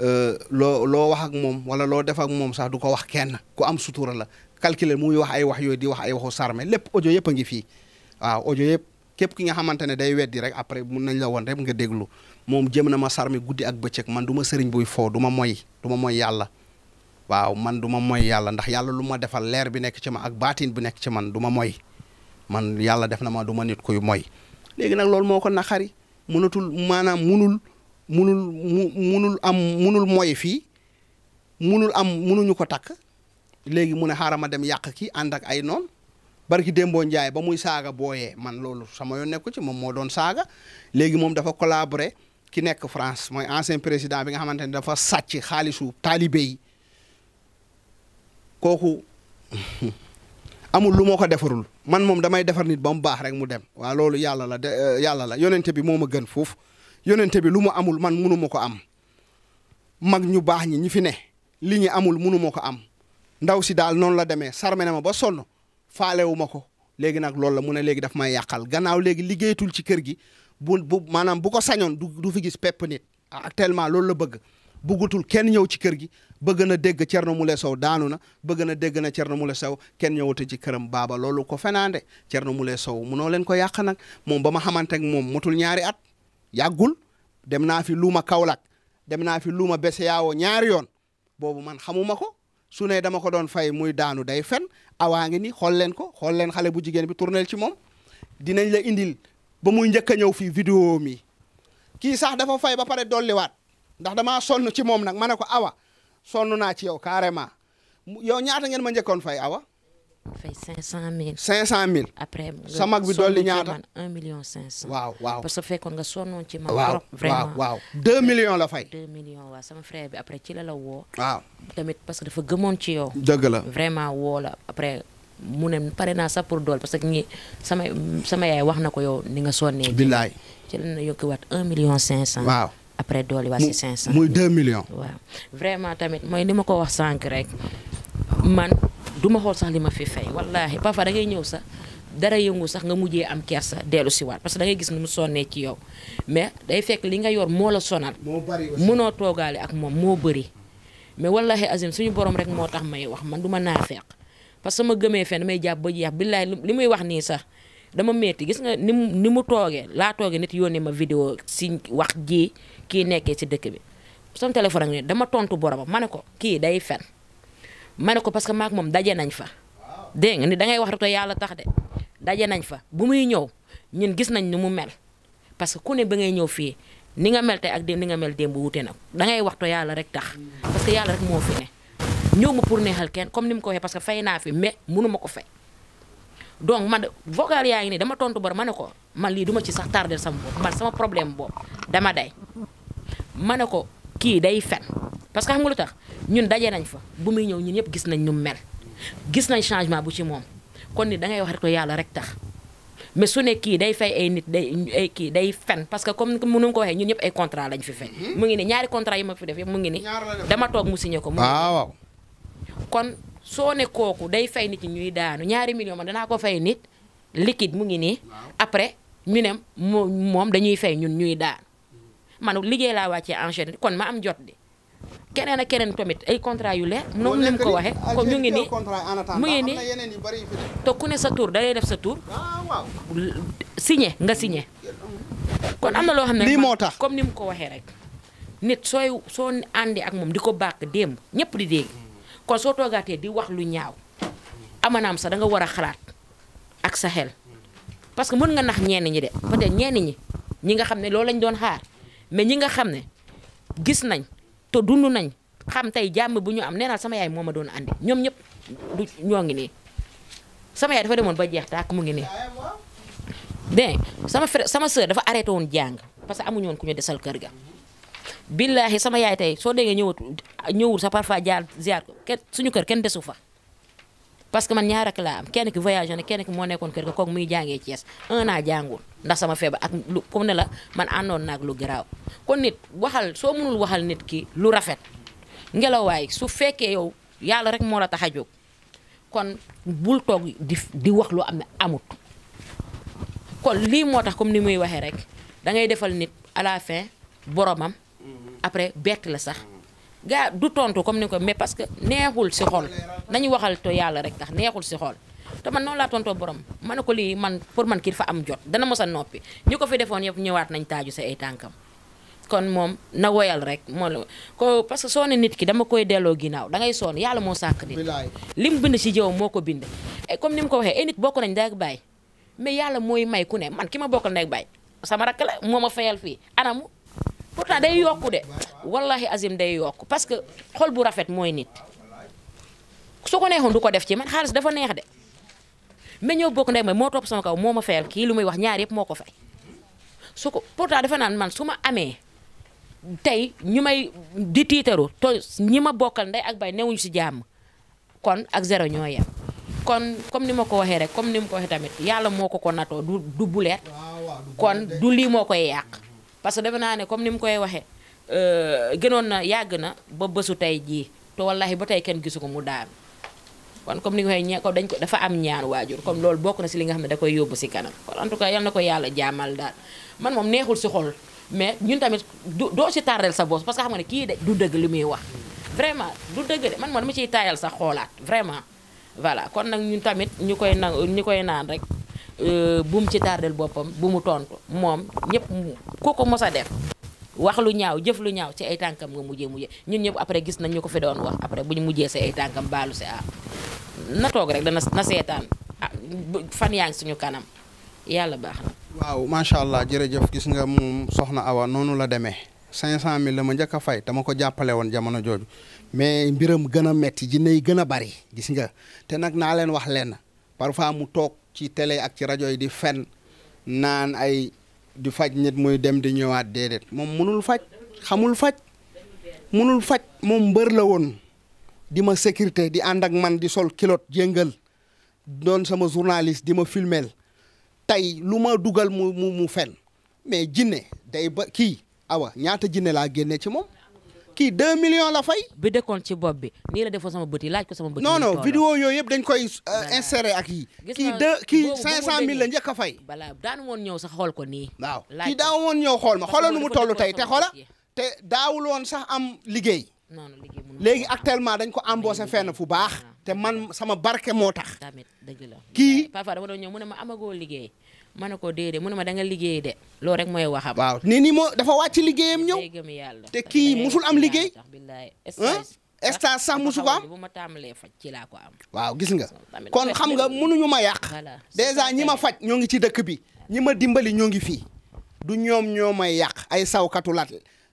euh, loo loo wax ak moom wala loo def ak moom sax du ko wax kenn ku am sutura la calculer muy wax ay wax yooyu di wax ay waxu sarme lépp audio yëpp a ngi fii waaw audio yëpp képp ki nga xamante ne day weddi rek après mun nañ la woon rek nga déglu moom jëm na ma sarme guddi ak bëccëg man du ma sëriñ buy foo du ma moy du ma moy yàlla waaw man du ma moy yàlla ndax yàlla lu ma defal leer bi nekk ci ma ak baatin bi nekk ci man du ma moy man yàlla def na ma du ma nit kuy moy léegi nag loolu moo ko naqari mënatul maanaam munul munul mu munul am munul moy fii munul am munuñu ko takk léegi mu ne xaaral ma dem yàq ki ànd ak ay noon barki Dembo Ndiaye ba muy saaga booyee man loolu sama yoon nekku ci moom moo doon saaga léegi moom dafa collaborer ki nekk France mooy ancien président bi nga xamante ne dafa sàcc xaalisu taalibe yi kooku [LAUGHS] amul lu moo ko defarul man moom damay defar nit ba mu baax rek mu dem waaw loolu yàlla la de euh, yàlla la yonente bi moo ma gën foofu yonente bi lu mu amul man munu ma ko am mag ñu baax ñi ñi fi ne li ñu amul munu ko am ndaw si daal noonu la demee sarme na ma ba sonn faalewu ma ko léegi nag loolu la mu ne léegi daf may yàqal gannaaw léegi liggéeyatul ci kër gi bu bu maanaam bu ko sañoon du du fi gis pepp nit ah, actuellement loolu la bëgg bëggatul kenn ñëw ci kër gi bëgg na dégg Thierno Moule Sow daanu na bëgg na dégg na Thierno Moule Sow kenn ñëwate ci këram baaba loolu ko fenaande Thierno Moule Sow munoo leen ko yàq nag moom ba ma xamante ak moom motul ñaari at yàggul dem naa fi luuma Kaolack dem naa fi luuma Besseyaawo ñaari yoon su ne dama ko doon fay muy daanu day fen awaa ngi ni xool leen ko xool leen xale bu jigéen bi tournel ci moom dinañ la indil ba muy njëkk a ñëw fii vidéo mi kii sax dafa fay ba pare dolliwaat ndax damaa sonn ci moom nag ma ne ko awa sonn naa ci yow carrément yow ñaata ngeen ma njëkkoon fay awa fay cinq cent mille. cinq cent mille. après sa mag bi dolli ñaata un million cinq cent. waaw waaw parce que fekkoon nga sonnoon ci man. waaw waaw deux millions la fay. deux millions waaw sama frère bi après ci la la woo. waaw tamit parce que dafa gëmoon ci yow. dëgg la vraiment woo la après. mu ne pare naa sax pour dool parce que ñi sama sama yaay wax na ko yow ni nga sonnee. billaay ci la ñu yokki waat un million cinq cent. waaw après dool waat si cinq cent. muy deux millions. waaw vraiment tamit mooy ni ma ko wax sànq rek du ma xool sax li ma fi fay wallaahi parfois da ngay ñëw sax dara yëngu sax nga mujjee am kersa dellu si waat parce que da ngay gis ni mu sonnee ci yow mais day fekk li nga yor moo la sonal. moo bari mënoo toogaale ak moom moo bëri. mais wallaahi azim suñu borom rek moo tax may wax man du ma naafeeq parce que ma gëmee fen may jàpp ba jeex billaay li muy wax nii sax dama metti gis nga ni mu ni mu toogee laa toogee nit yónnee ma video si wax ji kii nekkee si dëkk bi sama téléphone dama tontu boromam ma ne ko ma ne ko parce que maak moom daje nañ fa dégg nga ni da wax rek te yàlla tax de daje nañ fa bu muy ñëw ñun gis nañ ni mu mel parce que ku ne ba ngay ñëw fii ni nga mel tey ak ni nga mel démb wute na da ngay wax te yàlla rek tax parce que yàlla rek moo fi ne ñëw ma pour neexal kenn comme ni mu ko waxee parce que fay naa fi mais mënu ma ko fay donc man vocal yaa ngi nii dama tontu bor ma ne ko man lii duma ci sax tardé sama bopp man sama problème boobu dama day kii day fen parce que xam nga lu tax ñun daje nañ fa bu muy ñëw ñun ñëpp gis nañ ñu mel gis nañ changement bu ci moom kon ni da wax rek ko yàlla rek tax mais su ne kii day fey ay nit day ay kii day fen parce que comme mënu ko waxee ñun ñëpp ay contrat lañ fi fay. Hmm? mu ngi ni ñaari yi ma fi def yëpp mu ngi dama toog mu signé ko. Ah, waaw kon soo ne day fay nit ñuy daanu ñaari million man danaa ko fay nit liquide mu ngi nii. après ñu ne moom dañuy fay ñun ñuy daanu. man liggéey laa wàccee enchaîné kon ma am jot di keneen ak keneen tamit ay contrat yu leer noonu lañ ko waxee comme ñu ngi nii mu ngi nii te ku ne sa tour da def sa tour ah, signé nga signé kon am na loo xam ne lii moo tax comme ni mu ko waxee rek nit sooy soo àndi ak moom di ko bàkk démb ñëpp di dégg kon soo toogaatee di wax lu ñaaw amanaam sax da nga war a xalaat ak sa xel parce que mën nga nax ñenn ñi de peut ñenn ñi ñi nga xam ne loolu lañ doon xaar mais ñi nga xam ne gis nañ te dund nañ xam tey jàmm bu ñu am nee naa sama yaay moom ma doon andi ñoom ñëpp du ñoo ngi nii sama yaay dafa demoon ba jeex tàkk mu ngi nii dégg sama frère sama sœur dafa arrêté woon jàng parce que amuñu ku ñu desal kër ga. billaahi sama yaay tey soo déggee ñëwatu ñëwul sa parfois jaar ziar ko suñu kër kenn desu fa. parce que man ñaar ak laa am kenn ki voyagé na kenn ki moo nekkoon kër ga kooku muy jàngee Thiès un an jàngul ndax sama feebar ak lu comme ne la man àndoon naag lu garaaw kon nit waxal soo mënul waxal nit ki lu rafet ngelawaay su fekkee yow yàlla rek moo la tax a jóg kon bul toog di di wax lu am amut kon lii moo tax comme ni muy waxee rek dangay defal nit à la fin boromam après bett la sax. gaa du tontu comme ni ko mais parce que neexul si xol nañu waxal to yàlla rek tax neexul si xol te man noonu laa tontoo ne ko lii man pour man kii dafa am jot dana mos a noppi ñu ko fi defoon yëpp ñëwaat nañ taaju sa ay tànkam kon moom na woyal rek moo la ko parce que soo ne nit ki dama koy delloo ginnaaw da ngay sonn yàlla moo sàkk nit lim bind si jëw moo ko bind eh, comme ni mu ko waxee ay nit bokk nañ daak bàyyi mais yàlla mooy may ku ne man ki ma bokkal nag bàyyi sama rakk la moo ma fayal fii anamu pourtant day yokku de wallahi azim day yokk parce que xol bu rafet mooy nit su ko neexoon du ko def ci man xaalis dafa neex de mais ñoo bokk ndey may moo topp sama kaw moo ma fayal kii lu may wax ñaar yëpp moo ko fay su ko pourtant dafa naan man su ma amee tey ñu may di tiitaru to ñi ma bokkal ndey ak bay newuñu si jàmm kon ak zéro ñoo yem kon comme ni ma ko waxee rek comme ni ma ko waxee tamit yàlla moo ko ko natoo du du buleet kon du lii moo koy yàq parce que defe naa ne comme ni mu koy waxee euh, gënoon na yàgg na ba bésu tey jii te wallahi ba tey kenn gisu ko mu daanu kon comme ni nga waxee ñe ko dañ ko am ñaan waajur comme loolu bokk na si li nga xam ne da yóbbu si kanam kon en tout cas yal na ko yàlla jaamal daal man moom neexul si xol mais ñun tamit doo si tardel sa bopp parce que xam ne kii de du dëgg li muy wax vraiment du dëgg man moom dama ciy taayal sax xoolaat vraiment voilà kon nag ñun tamit ñu koy na ñu koy naan rek Euh, bu mu ci tardel boppam bu mu tontu moom ñëpp ku ko mos a def wax lu ñaaw jëf lu ñaaw ci ay tànkam nga mujjee mujjee ñun ñëpp après gis nañ ko fi doon après bu ñu mujjee si ay baalu si ah na toog rek dana na seetaan ah fan yaa suñu kanam yàlla baax na. macha allah jërëjëf gis nga mu soxna Awa noonu la demee. 500000 la ma njëkk a fay dama ko jàppale woon jamono jooju mais mbiram gën a metti ji nay gën a bari gis nga te nag naa leen wax lenn parfois mu toog. ci tele ak ci rajo yi di fen naan ay di faj nit muy dem di ñëwaat déedéet moom mënul faj xamul faj mënul faj moom mbër la woon di ma sécurité di ànd ak man di sol kilot jéngal doon sama journaliste di ma filmeel tey lu ma dugal mu mu fen mais jinné day ba kii awa ñaata jinne laa génne ci moom kii 2 million la fay. bi de koon ci bopp bi nii la defoo sama bët yi laaj ko sama bët. non non vidéo yooyu yëpp dañ koy euh, insérer ak yi. kii deux kii mill la njëkk fay. balaa daanu woon ñëw sax xool ko nii. waaw kii daaw woon ñëw xool ma xoolal nu mu toll tey te xoola te daawul woon sax am liggéey. non liggéey mënul léegi actuellement dañ ko embauché fenn fu baax. Ah. te man sama barke moo tax. tamit dëgg la kii. parfois dama doon ñëw mu ne ma amagoo liggéey. ma ne ko déedéet mu ne ma liggéey de loolu rek mooy waxam. waaw ne ni moo dafa wàcc liggéeyam ñëw te kii musul am liggéey. stage sax musu ko am bu ma tàmbalee faj ci laa am. waaw gis nga kon xam nga mënuñu ma yàq. dèjà ñi ma faj ñoo ngi ci dëkk bi ñi ma dimbali ñoo ngi fii. du ñoom ñoo may yàq ay sawkatu lat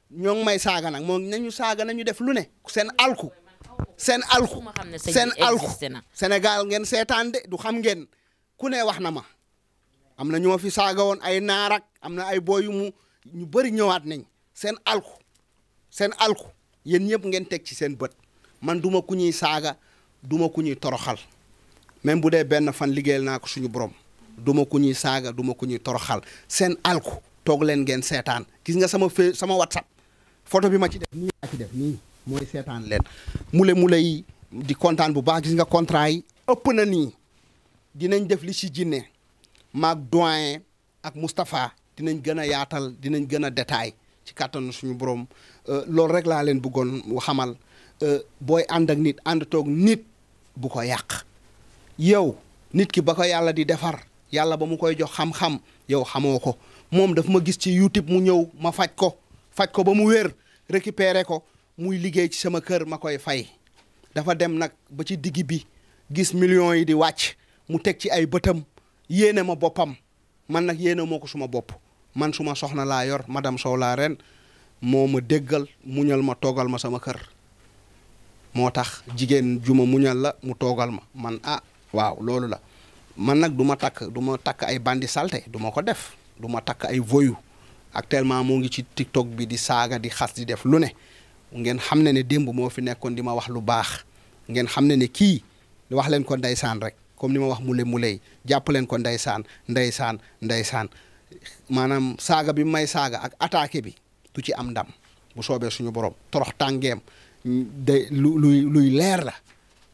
ñoo ngi may saaga nag moom nañu saaga nañu def lu ne seen alku seen alku seen alku Sénégal ngeen seetaan de du xam ngeen ku ne wax na ma. am na ñoo fi saaga woon ay naarak am na ay booy yu mu ñu bëri ñëwaat nañ seen alku seen alku yéen ñëpp ngeen teg ci seen bët man duma ku ñuy saaga duma ku ñuy toroxal même bu dee benn fan liggéeyal naa ko suñu borom duma ku ñuy saaga duma ku ñuy toroxal seen alku toog leen ngeen seetaan gis nga sama fe sama whatsapp photo bi ma ci def nii laa ci mooy seetaan leen mule mule yi di kontaan bu baax gis nga contrat yi ëpp na nii dinañ def li si jinne maag doyen ak Moustapha dinañ gën a yaatal dinañ gën a détail ci kàttanu suñu borom euh, loolu rek laa leen bëggoon xamal euh, booy ànd ak nit ànd toog nit bu ko yàq yow nit ki ba ko yàlla di defar yàlla ba mu koy jox xam-xam yow xamoo ko moom daf ma gis ci youtube mu ñëw ma faj ko faj ko ba mu wér récupérer ko muy liggéey ci sama kër ma koy fay dafa dem nag ba ci digg bi gis million yi di wàcc mu teg ci ay bëtam yéene ma boppam man nag yéene moo ko suma bopp man suma soxna laa yor madame Sow laa ren moo ma déggal muñal ma toogal ma sama kër moo tax jigéen juma ma muñal la mu toogal ma man ah waaw loolu la man nag du ma takk du ma takk ay bandi salté du ma ko def du ma takk ay voyou actuellement moo ngi ci TikTok bi di saaga di xas di def lu ne ngeen xam ne ne démb moo fi nekkoon di ma wax lu baax ngeen xam ne ne kii wax leen ko ndeysaan rek comme ni ma wax mule muley jàpp leen ko ndeysaan ndeysaan ndeysaan maanaam saaga bi may saaga ak attaqué bi du ci am ndam bu soobee suñu borom torox tàngeem day luy luy leer la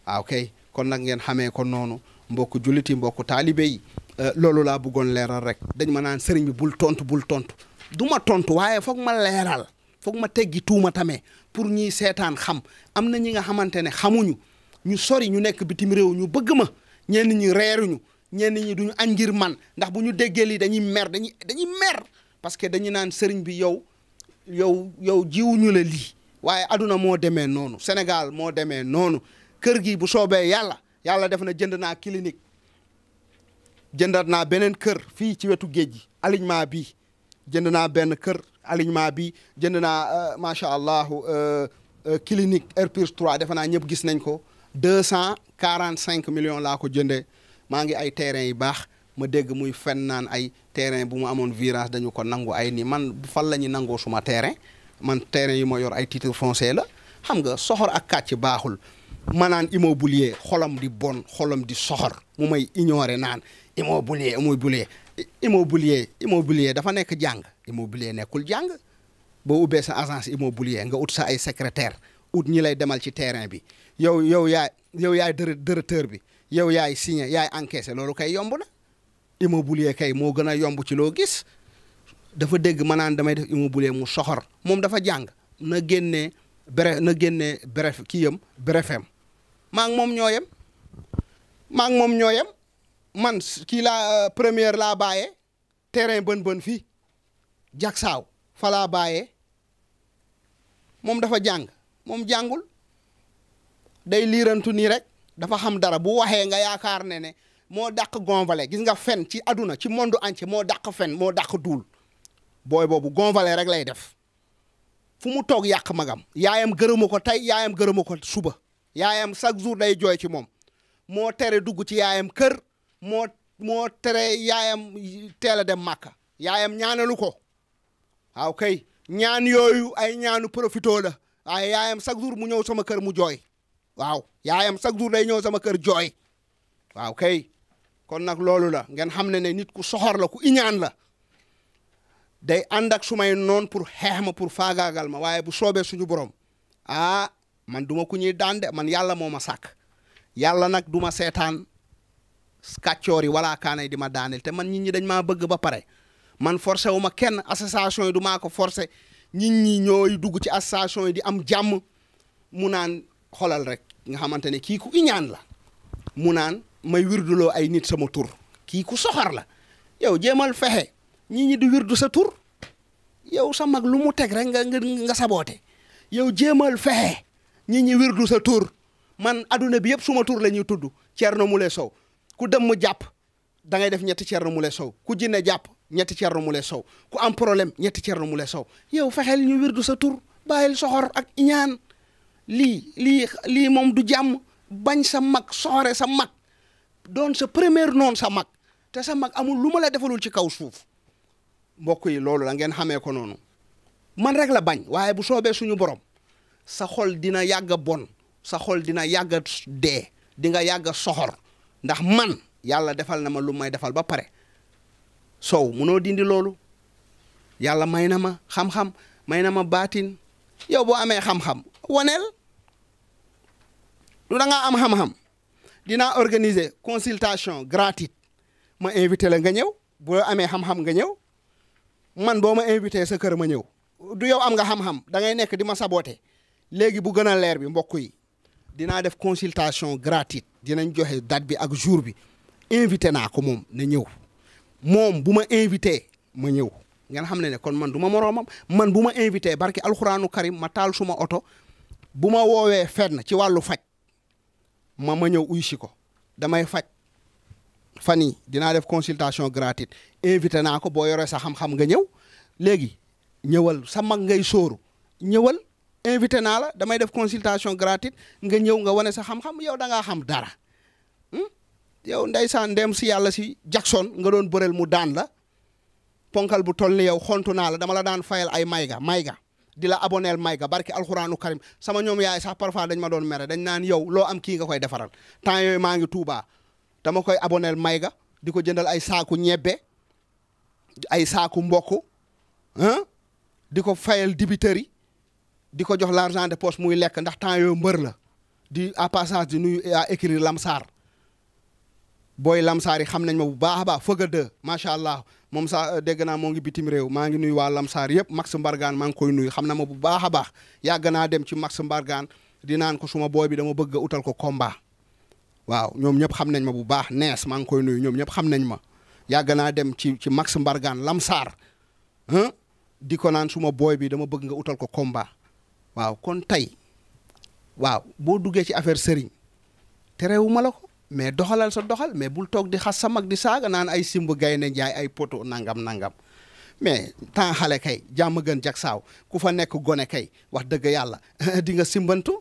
waaw ah, kay kon nag ngeen xamee ko noonu mbokku juliti mbokku taalibe yi euh, loolu laa bëggoon leeral rek dañ ma naan sëriñ bi bul tontu bul tontu du ma tontu waaye foog ma leeral foog ma teggi tuuma tamee pour ñiy seetaan xam am na ñi nga xamante ne xamuñu ñu sori ñu nekk bitim réew ñu bëgg ma ñenn ñi reeruñu ñenn ñi duñu añ ngir man ndax bu ñu déggee lii dañuy mer dañuy dañuy mer parce que dañu naan sëriñ bi yow yow yow jiwuñu la lii waaye aduna moo demee noonu Sénégal moo demee noonu kër gi bu soobee yàlla yàlla def na jënd naa clinique jëndat naa beneen kër fii ci wetu géej gi alignement bi jënd naa benn kër alignement bi jënd naa euh, macha allah euh, euh, clinique Air Pur 3 defe naa ñëpp gis nañ ko deux cent quarante cinq millions laa ko jënde maa ngi ay terrain yu baax ma dégg muy fen naan ay terrain bu mu amoon virage dañu ko nangu ay nii man fan la ñuy nangoo suma terrain man terrain yi ma yor ay titre foncier la xam nga soxor ak kàcc baaxul manaan immobilier xolam di bon xolam di soxor mu may ignorer naan immobilier immobilier immobilier immobilier dafa nekk jàng immobilier nekkul jàng boo ubbee sa agence immobilier nga ut sa ay secrétaire ut ñi lay demal ci terrain bi yow yow yaa yow yaay dërë dërëteur bi yow yaay signé yaay encaissé loolu kay yomb na immobilier kay moo gën a yomb ci loo gis dafa dégg ma naan damay def immobilier mu soxor moom dafa jàng na génnee bref na kii yam brefem maa moom ñoo yem maa moom ñoo yem man kii laa euh, première laa bàyyee terrain bën bën fii jagsaaw fa laa bàyyee moom dafa jàng moom jàngul day liirantu nii rek dafa xam dara bu waxee nga yaakaar ne ne moo dàq gonfale gis nga fen ci aduna ci monde entier moo dàq fen moo dàq duul booy boobu gonfale rek lay def fu mu toog yàq magam yaayam gërëmu ko tey yaayam gërëmu ko suba yaayam chaque jour day jooy ci moom moo tere dugg ci yaayam kër moo moo tere yaayam teel a dem màkka yaayam ñaanalu ko waaw kay ñaan yooyu ay ñaanu profito la waaye yaayam chaque jour mu ñëw sama kër mu jooy waaw yaayam chaque jour day ñëw sama kër jooy waaw kay kon nag loolu la ngeen xam ne ne nit ku soxor la ku iñaan la day ànd ak su may noon pour xeex ma pour faagaagal ma waaye bu soobee suñu borom ah man duma ku ñuy daan de man yàlla moo ma sàkk yàlla nag duma seetaan kàccoor yi wala yi di ma daaneel te man nit ñi dañ maa bëgg ba pare man forcé wu ma kenn association yi du maa ko forcé nit ñi ñooy dugg ci association yi di am jàmm mu naan xolal rek nga xamante ne kii ku iñaan la mu naan may loo ay nit sama tur kii ku soxar la yow jéemal fexe ñi ñi di wirdu sa tur yow sa mag lu mu teg rek nga nga saboote yow jéemal fexe ñi ñi wirdu sa tur man adduna bi yëpp suma tur la ñuy tudd Thierno Moule Sow ku dem mu jàpp da ngay def ñetti Thierno Moule Sow ku jinne jàpp ñetti cer mu Moule Sow ku am problème ñetti Thierno Moule Sow yow fexeel ñu wirdu sa tur bàyyil soxor ak iñaan lii lii lii moom du jàmm bañ sa mag soxore sa mag doon sa première noon sa mag te sa mag amul lu ma la defalul ci kaw suuf mbokk yi loolu la ngeen xamee ko noonu man rek la bañ waaye bu soobee suñu borom sa xol dina yàgg a bon sa xol dina yàgg a dee di nga soxor ndax man yàlla defal na ma lu may defal ba pare sow munoo dindi loolu yàlla may na ma xam-xam may na ma baatin yow boo amee xam-xam waneel du da ngaa am xam-xam dinaa organiser consultation gratuite ma invité la nga ñëw boo amee xam-xam nga ñëw man boo ma invité sa kër ma ñëw du yow am nga xam-xam da ngay nekk di ma saboote léegi bu gën a leer bi mbokk yi dinaa def consultation gratuite dinañ joxe date bi ak jour bi invité naa ko moom na ñëw moom bu ma invité ma ñëw ngeen xam ne ne kon man du ma moroomam man bu ma invité barki alxuraanu karim ma taal suma oto bu ma woowee fenn ci wàllu faj ma ma ñëw uy si ko damay faj fan yi dinaa def consultation gratuite invité naa ko boo yoree sa xam-xam nga ñëw léegi ñëwal sa mag ngay sóoru ñëwal invité naa la damay def consultation gratuite nga ñëw nga wane sa xam-xam yow da xam dara hmm? yow ndeysaan ndem si yàlla si Jackson nga doon bëreel mu daan la ponkal bu toll ni yow xontu naa la dama la daan fayal ay mayga mayga di la aboneel may ga barki alxuraanu karim sama ñoom yaay sax parfois dañ ma doon mere dañ naan yow loo am kii nga koy defaral temps yooyu maa ngi Tuubaa dama koy aboneel may ga di ko jëndal ay saaku ñebbe ay saaku mbokk ah di ko fayal dibiteurs yi di ko jox l'argent de poche muy lekk ndax temps yooyu mbër la di à passage di nuyu à écrire Lamsaar booy lamsaar yi xam nañ ma bu baax a baax fëgg macha allah moom sa euh, dégg naa moo ngi bitim réew maa ngi nuyu waa lamsaar yëpp Max Mbargaan maa ngi koy nuyu xam na ma bu baax a baax yàgg naa dem ci Max Mbargaan di naan ko suma booy bi dama bëgg a utal ko combat waaw ñoom ñëpp xam nañ ma bu baax nees maa ngi koy nuyu ñoom ñëpp xam nañ ma yàgg naa dem ci ci Max Mbargaan lamsaar di ko naan suma booy bi dama bëgg nga utal ko komba waaw kon tey waaw boo duggee ci affaire sëriñ terewuma la ko. mais doxalal sa doxal mais bul toog di xas sa mag di saaga naan ay simb gaynde jaay ay poto nangam nangam mais temps xale kay jàmm gën jag saaw ku fa nekk gone kay wax dëgg yàlla [LAUGHS] di nga simbantu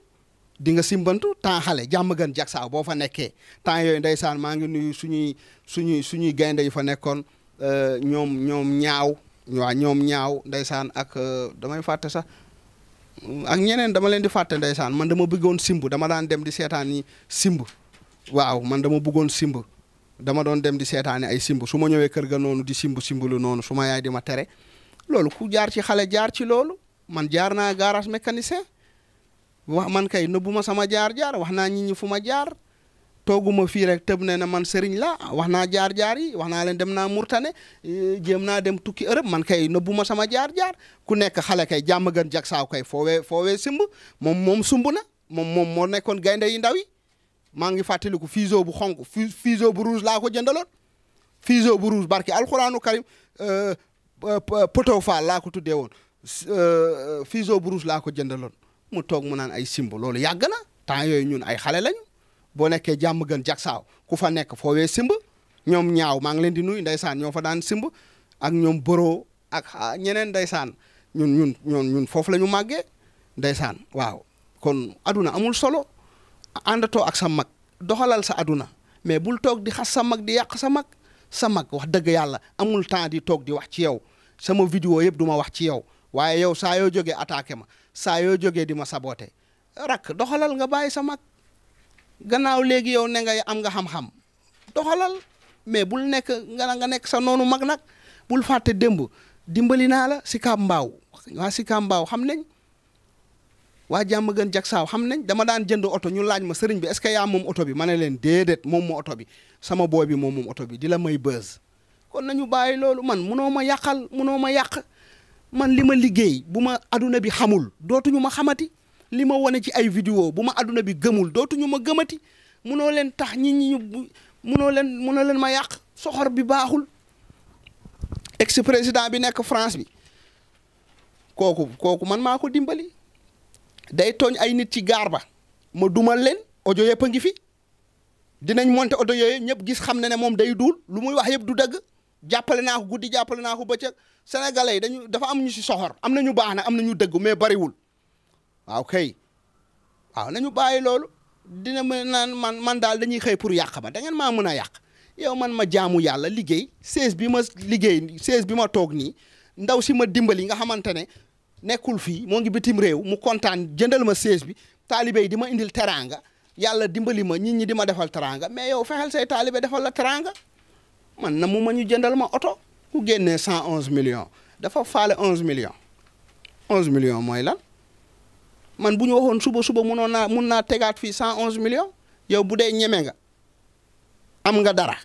di nga simbantu temps xale jàmm gën jag saaw boo fa nekkee temps yooyu ndeysaan maa ngi nuyu suñuy suñuy suñuy gaynde yu fa nekkoon euh, ñoom ñoom ñaaw waaw ñoom ñaaw ndeysaan ak euh, damay fàtte sax ak ñeneen dama leen di fàtte ndeysaan man dama bëggoon simb dama daan dem di seetaan yi simb waaw man dama buggoon simb dama doon dem di seetaane ay simb su ma ñëwee kër ga noonu di simb simb noonu su ma yaay di ma tere loolu ku jaar ci xale jaar ci loolu man jaar naa garas mécanicien wax man kay nëbbu ma sama jaar-jaar wax naa nit ñi fu ma jaar tooguma fii rek tëb ne na man sëriñ la wax naa jaar-jaar yi wax naa leen dem naa murtane e, jéem naa dem tukki man kay nëbbu ma sama jaar-jaar ku nekk xale kay jàmm gën jag saaw kay foowee foowee simb moom moom sumb na moom moom moo nekkoon gaynde yi ndaw yi maa ngi fàttaliku fuseau bu xonk fuseau bu rouge laa ko jëndaloon fuseau bu rouge barke alxuraanu karim euh, euh, poto faa laa ko tuddee woon euh, fuseau bu rouge laa ko jëndaloon mu toog mu naan ay simbo loolu yàgg na temps yooyu ñun ay xale lañu boo nekkee jàmm gën jagsaaw ku fa nekk foowee simb ñoom ñaaw maa ngi leen di nuyu ndeysaan ñoo fa daan simb ak ñoom boroo ak ñeneen ndeysaan ñun ñun ñun ñun foofu la ñu màggee ndeysaan waaw kon aduna amul solo àndatoo ak sa mag doxalal sa aduna mais bul toog di xas sa mag di yàq sa mag sa mag wax dëgg yàlla amul temps di toog di wax ci yow sama vidéo yëpp du ma wax ci yow waaye yow saa yoo jógee attaqué ma saa yoo jógee di ma saboté rak doxalal nga bàyyi sa mag gannaaw léegi yow ne nga am nga xam-xam doxalal mais bul nekk nga nga nekk sa noonu mag nag bul fàtte démb dimbali naa la si Kambaaw waa si Kambaaw xam nañ. waa jàmm gën jag xam nañ dama daan jënd oto ñu laaj ma sëriñ bi est-ce que moom oto bi ma ne leen déedéet moom moo oto bi sama booy bi moom moom oto bi di la may bës kon nañu bàyyi loolu man munoo ma yàqal munoo ma yàq man li ma liggéey bu ma aduna bi xamul dootuñu ma xamati li ma wane ci ay vidéo bu ma aduna bi gëmul dootuñu ma gëmati munoo leen tax ñi ñi ñu munoo leen munoo leen ma yàq soxor bi baaxul ex président bi nekk France bi kooku kooku man maa ko dimbali day tooñ ay nit ci gaar ba ma dumal leen ojo yëpp a ngi fi dinañ monter audio yooyu ñëpp gis xam ne ne moom day duul lu muy wax yëpp du dëgg jàppale naa ko guddi jàppale naa ko bëccëg sénégalais yi dañu dafa am ñu si soxor am na ñu baax nag am na dëgg mais bariwul waaw kay waaw nañu bàyyi loolu dina ma naan man man daal dañuy xëy pour yàq ma da ngeen maa mën a yàq yow man ma jaamu yàlla liggéey 16 bi ma liggéey 16 bi ma toog nii ndaw si ma dimbali nga xamante ne nekkul fii moo ngi bitim réew mu kontaan jëndal ma siège bi taalibe yi di ma indil teraanga yàlla dimbali ma nit ñi di ma defal teraanga mais yow fexel say taalibe defal la teraanga man na mu ma ñu jëndal ma oto ku génnee cent onze million dafa faale onze million onze million mooy lan man bu ñu waxoon suba suba munoon naa mun naa tegaat fii cent onze millions yow bu dee ñeme nga am nga dara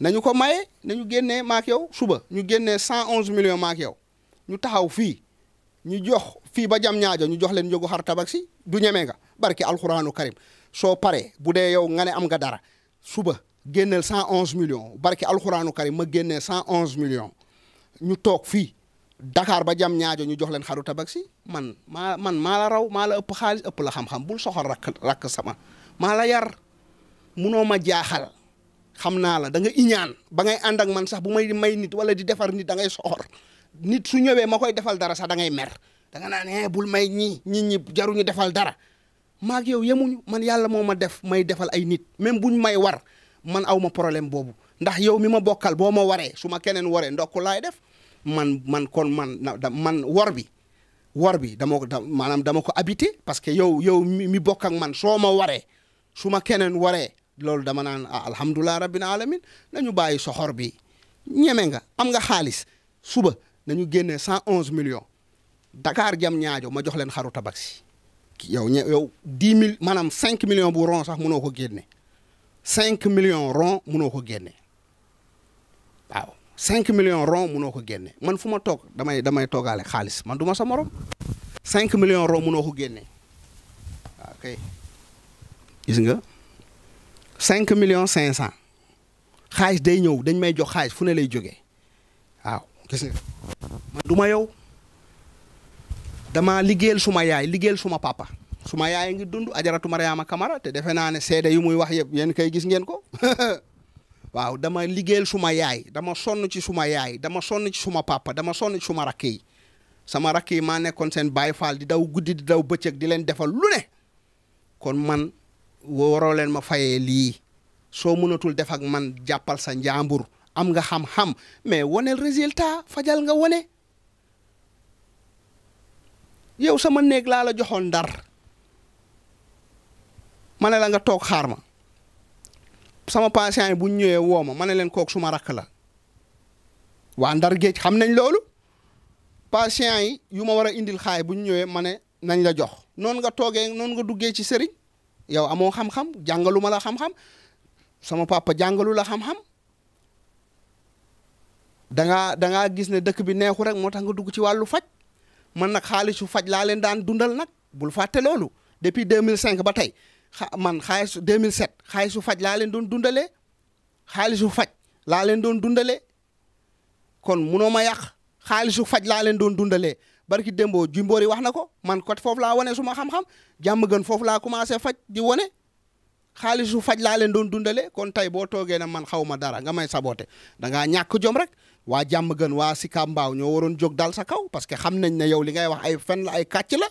nañu ko maye nañu génnee maak yow suba ñu génnee cent onze millions maak yow ñu taxaw fii ñu jox fii ba jam ñaajo ñu jox leen njëgu xar tabaski du ñeme nga barki alxuraanu karim soo paree bu dee yow nga ne am nga dara suba génneel cent onze millions barki alxuraanu karim ma génnee cent onze millions ñu toog fii dakaar ba jam ñaajo ñu jox leen xaru tabaski man maa man maa la raw maa la ëpp xaalis ëpp la xam-xam bul soxor rakk rakk sama maa la yar munoo ma jaaxal xam naa la da nga iñaan ba ngay ànd ak man sax bu may may nit wala di defar nit da ngay soxor nit su ñëwee ma koy defal dara sax dangay ngay mer da naan eh bul may ñii nit ñi jaruñu defal dara maak yow yemuñu man yàlla moo ma def may defal ay nit même ñu may war man aw ma problème boobu ndax yow mi ma bokkal boo ma waree su ma keneen waree ndokk laay def man man kon man man wor bi wor bi dama ko maanaam dama ko habité parce que yow yow mi bokk ak man soo ma waree su ma keneen waree loolu dama naan ah alhamdulilah rabbil alamin nañu bàyyi soxor bi ñeme nga am nga xaalis suba nañu génne cent onze millions dakaar jam ñaajo ma jox leen xaru tabaski yow yow dix mille maanaam cinq million bu rond sax mënoo ko génne cinq million rond mënoo ko génne waaw cinq millions rond mënoo ko génne man fu ma toog damay damay toogaale xaalis man du ma sa morom cinq millions rond mënoo ko génne waaw gis nga cinq million cinq cent xaalis day ñëw dañ may jox xaalis fu ne lay jógee waaw gis nga man du ma yow damaa liggéeyal suma yaay liggéeyal suma papa suma yaay ngi dund ajaratu Mariama Kamara te defe naa ne seede yu muy wax yëpp yéen kay gis ngeen ko [LAUGHS] waaw dama liggéeyal suma yaay dama sonn ci suma yaay dama sonn ci suma papa dama sonn ci suma rakk yi sama rakk yi maa nekkoon seen baay faal di daw guddi di daw bëccëg di leen defal lu kon man waroo leen ma fayee lii soo mënatul def ak man jàppal sa njàmbur am nga xam-xam mais waneel résultat fajal nga wane yow sama néeg laa la joxoon ndar ma ne la nga toog xaar ma sama patient yi bu ñu ñëwee woo ma ma ne leen kook suma rakk la waa ndar géej xam nañ loolu patient yi yu ma war a indil xaay bu ñu ñëwee ma ne nañ la jox noonu nga toogee noonu nga duggee ci sëriñ yow amoo xam-xam jàngalu ma la xam sama papa jàngalu la xam-xam da ngaa da gis ne dëkk bi neexu rek moo tax nga dugg ci wàllu faj man nag xaalisu faj laa leen daan dundal nag bul fàtte loolu depuis 2005 ba tey man xaalisu 2007 xaalisu faj laa leen doon dundalee xaalisu faj laa leen doon dundalee kon munoo ma yàq xaalisu faj laa leen doon dundalee demboo démboo jumboor yi wax na ko man côté foofu laa wane su ma xam-xam jàmm gën foofu laa commencé faj di wane xaalisu faj laa leen doon dundalee kon tey boo toogee ne man xaw ma dara nga may saboté da ngaa ñàkk jom rek. waa jàmm gën waa Sika Mbaaw ñoo waroon jog dal sa kaw parce que xam nañ ne yow li ngay wax ay fen la ay kàcc la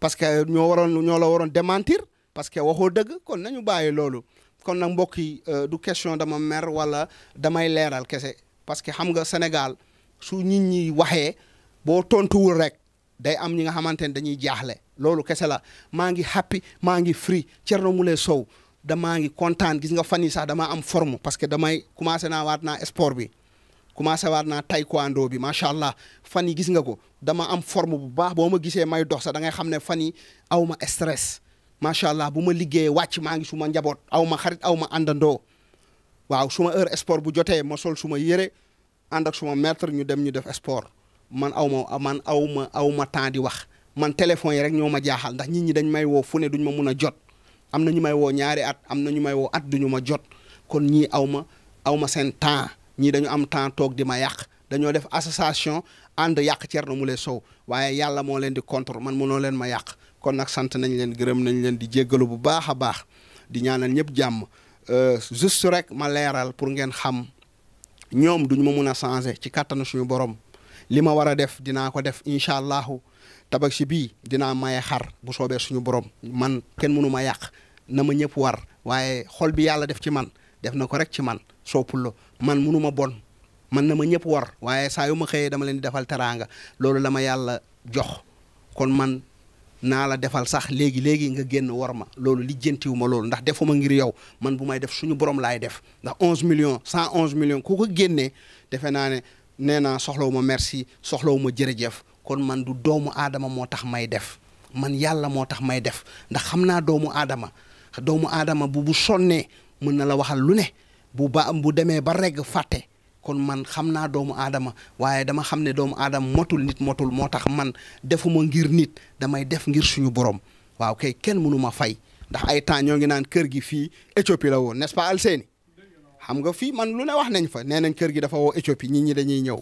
parce que ñoo waroon ñoo la waroon démentir parce que waxoo dëgg kon nañu bàyyi loolu kon nag mbokk yi euh, du question dama mer wala damay leeral kese parce que xam nga Sénégal su nit ñi waxee boo tontuwul rek day am ñi nga xamante ne dañuy jaaxle loolu kese la maa ngi happy maa ngi free Thierno Moule Sow damaa ngi kontaan gis nga fan yi sax damaa am forme parce que damay commencé naa waat naa sport bi commencé waat naa taekwondo bi macha allah fan yi gis nga ko dama am forme bu baax boo ma gisee may dox sax dangay xam ne fan yi aw ma stress macha allah bu ma liggéeyee wàcc maa ngi suma njaboot aw ma xarit aw ma àndandoo waaw su ma heure sport bu jotee ma sol su yére ànd ak su ma ñu dem ñu def sport man aw ma man aw ma aw ma temps di wax man téléphone yi rek ñoo ma jaaxal ndax nit ñi dañ may woo fu ne duñ ma mun a jot am na ñu may woo ñaari at am na ñu may at duñu ma jot kon ñii aw ma aw ma seen temps ñii dañu am temps toog di ma yàq dañoo def association ànd yàq mu Moule Sow waaye yàlla moo leen di contre man mënoo leen ma yàq kon nag sant nañu leen gërëm nañ leen di jéggalu bu baax a baax di ñaanal ñëpp jàmm euh, juste rek ma leeral pour ngeen xam ñoom duñu ma mun a changer ci kattanu suñu borom li ma war a def dinaa ko def incha allahu tabaski bii dinaa maye xar bu soobee suñu borom man kenn mënu ma yàq na ma ñëpp war waaye xol bi yàlla def ci man def na ko rek ci man soo pullo man munu ma bon man na ma ñëpp war waaye saa yu ma xëyee dama leen di defal teraanga loolu la ma yàlla jox kon man naa la defal sax léegi léegi nga génn war ma loolu lijjantiwu ma loolu ndax defuma ngir yow man bu may def suñu borom laay def ndax 11 millions 111 millions ku ko génnee defe naa ne nee naa soxlawu merci soxlawuma ma jërëjëf kon man du doomu aadama moo tax may def man yàlla moo tax may def ndax xam naa doomu aadama doomu aadama bu bu sonnee mën na la waxal lu ne. bu ba bu demee ba regg fàtte kon man xam naa doomu aadama waaye dama xam ne doomu aadama motul nit motul moo tax man defuma ngir nit damay def ngir suñu borom waaw kay kenn mënu ma fay ndax ay temps ñoo ngi naan kër gi fii Éthiopie la woon n'est-ce pas Alseeni xam nga fii man lu ne wax nañ fa nee nañ kër gi dafa woo Éthiopie nit ñi dañuy ñëw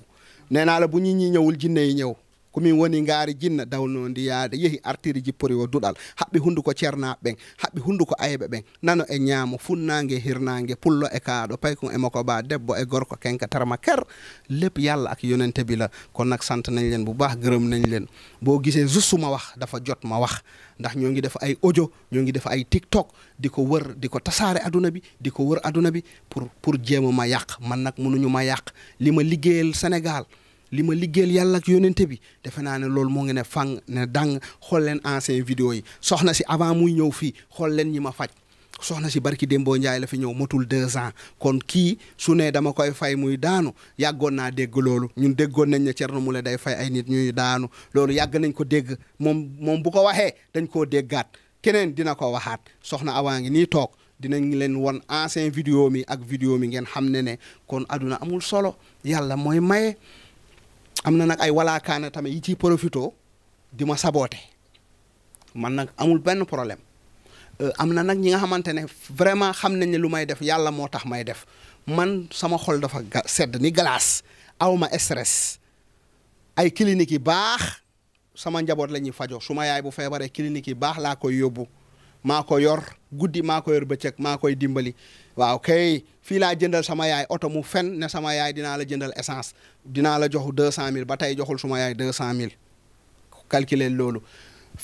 nee naa la bu nit ñii ñëwul jinne yi ñëw komin woni ngaari jinna dawnondi yaade yeehi artiri jippori o duɗal haɓɓi hunnduko ceernaɓe ɓen haɓɓi hunnduko ayeɓe ɓen nano e ñaamo funnague hirnague pullo e kaaɗo paykon e makko ba debbo e gorko kenka tarma ker lépp yalla ak yonente bila kon nag sant nañ leen bu baax gërëm nañ leen boo gisee juste ma wax dafa jot ma wax ndax ñoo ngi def ay ojo ñoo ngi def ay tiktok di ko wër di ko tasaare aduna bi di ko wër aduna bi pour pour jéema ma yàq man nag mënuñu ma yàq li ma liggéeyal Sénégal li ma liggéeyal yàlla ak yónnente bi defe naa ne loolu moo ngi ne fang ne dang xool leen ancien vidéo yi soxna si avant muy ñëw fii xool leen ñi ma faj soxna si barki Dembo Ndiaye la fi ñëw motul deux ans kon kii su ne dama koy fay muy daanu yàggoon naa dégg loolu ñun déggoon nañ ne Thierno Moule day fay ay nit ñuy daanu loolu yàgg nañ ko dégg moom moom bu ko waxee dañ koo déggaat keneen dina ko waxaat soxna Awa ngi nii toog dinañ leen won ancien vidéo mi ak vidéo mi ngeen xam ne ne kon aduna amul solo yàlla mooy maye. am na nag ay walaakaane tamit yi ciy profito di ma saboote man nag amul benn problème euh, am na nag ñi nga xamante ne vraiment xam nañ ne lu may def yàlla moo tax may def man sama xol dafa sedd ni glace aw ma stress ay clinique yi baax sama njaboot la ñuy fajo su yaay bu feebaree clinique yi baax laa koy yóbbu maa ko yor guddi maa ko yor bëccëg maa koy dimbali waaw kay fii laa jëndal sama yaay oto mu fen ne sama yaay dinaa la jëndal essence dinaa la jox deux cent mille ba tey joxul suma yaay deux cent mille calculer loolu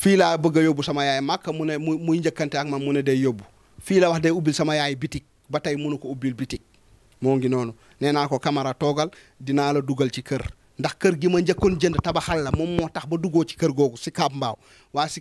fii laa bëgg a yóbbu sama yaay màkk mu ne mu muy njëkkante ak man mu ne day yóbbu fii la wax day ubbil sama yaay bitik ba tey mënu ko ubbil bitik moo ngi noonu nee naa ko Camara toogal dinaa la dugal ci kër ndax kër gi ma njëkkoon jënd tabaxal la moom moo tax ba duggoo ci kër googu si Kambaaw waa si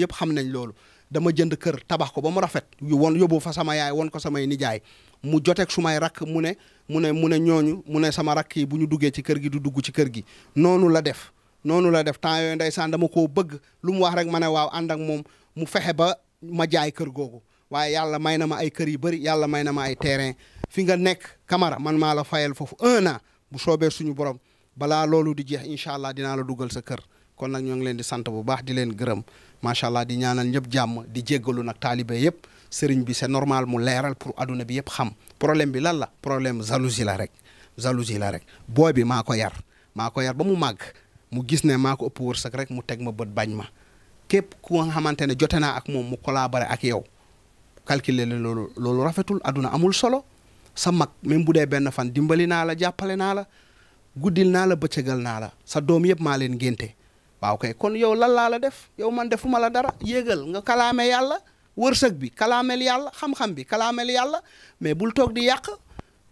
yëpp xam nañ loolu dama jënd kër tabax ko ba mu rafet won yóbbu fa sama yaay won ko samay nijaay mu joteeg su may rakk mu ne mu ne mu ne ñooñu mu ne sama rakk yi bu ñu duggee ci kër gi du dugg ci kër gi noonu la def noonu la def temps yooyu ndeysaan dama koo bëgg lu mu wax rek ma ne waaw ànd ak moom mu fexe ba ma jaay kër googu waaye yàlla may na ma ay kër yu bëri yàlla may na ma ay terrain fi nga nekk kamar man maa la fayal foofu un an bu soobee suñu borom balaa loolu di jeex incha allah dinaa la dugal sa kër kon nag ñoo ngi leen di sant bu baax di leen gërëm macha allah di ñaanal ñëpp jàmm di jéggalu nag taalibe yëpp sëriñ bi se normal mu leeral pour aduna bi yëpp xam problème bi lan la problème jalousie la rek jalousie la rek booy bi maa ko yar maa ko yar ba mu màgg mu gis ne maa ko ëpp wërsëg rek mu teg ma bët bañ ma képp ku nga xamante ne jote naa ak moom mu kolaa bare ak yow calculer le loolu loolu rafetul aduna amul solo sa mag même bu dee benn fan dimbali naa la jàppale naa la guddil naa la bëccëgal naa la sa doom yëpp maa leen ngénte waaw kay kon yow lan laa la def yow man defuma la dara yéegal nga kalaame yàlla wërsëg bi kalaamel yàlla xam-xam bi kalaamel yàlla mais bul toog di yàq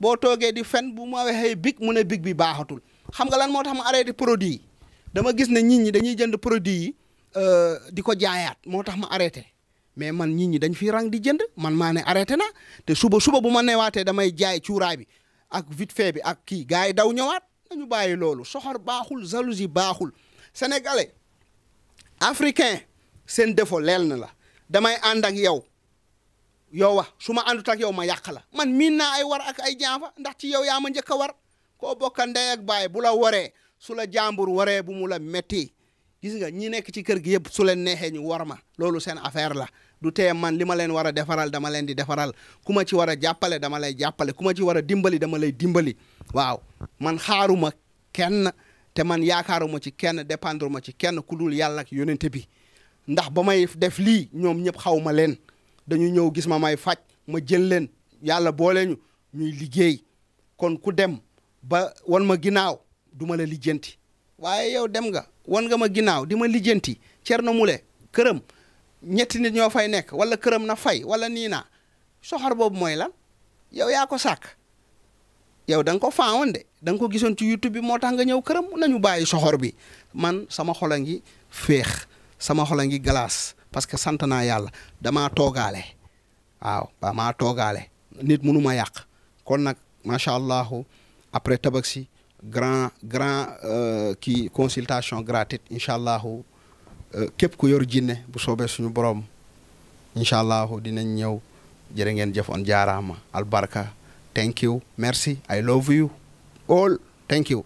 boo toogee di fen bu ma waxee big mu ne big bi baaxatul xam nga lan moo tax ma arrêté produit yi dama gis ne nit ñi dañuy jënd produit yi euh, di ko jaayaat moo tax ma arrêté mais man nit ñi dañ fi rang di jënd man maa ne arrêté na te suba suba bu ma neewaatee damay jaay cuuraay bi ak vite fait bi ak kii gars yi daw ñëwaat dañu bàyyi loolu soxor baaxul jalousie baaxul sénégalais africain seen défaut leel na la damay ànd ak yow yow wax su ma àndut ak yow ma yàq la man miin naa ay war ak ay jaafa ndax ci yow yaa ma njëkk a war ko bokka ndey ak baay bu la waree su la jàmbur waree bu mula la metti gis nga ñi nekk ci kër gi yëpp su leen neexee ñu war ma loolu seen affaire la du tee man li ma leen war a defaral dama leen di defaral ku ma ci war a jàppale dama lay jàppale ku ma ci war a dimbali dama lay dimbali waaw man xaaruma kenn te man yaakaaruma ci kenn dépendre ma ci kenn ku dul yàlla ki ak yonente bi ndax ba may def lii ñoom ñëpp xawma leen dañu ñëw gis ma may faj ma jël leen yàlla boole ñu ñuy liggéey kon ku dem ba wan ma ginnaaw du ma la lijjanti waaye yow dem nga wan nga ma ginnaaw di ma lijjanti mu le këram ñetti nit ñoo fay nekk wala këram na fay wala nii naa soxor boobu mooy lan yow yaa ko sàkk yow danga ko faawoon de danga ko gisoon ci youtube bi moo tax nga ñëw këram nañu bàyyi soxor bi man sama xol a ngi féex sama xol a ngi glace parce que sant naa yàlla damaa toogaale waaw maa toogaale nit mënu yàq kon nag macha allah après tabaski grand grand euh, kii consultation gratuite incha allah euh, képp ku yor jinne bu soobee suñu borom incha allah dinañ ñëw jërë ngeen jëfoon jaaraama albarka. thank you merci I love you all thank you.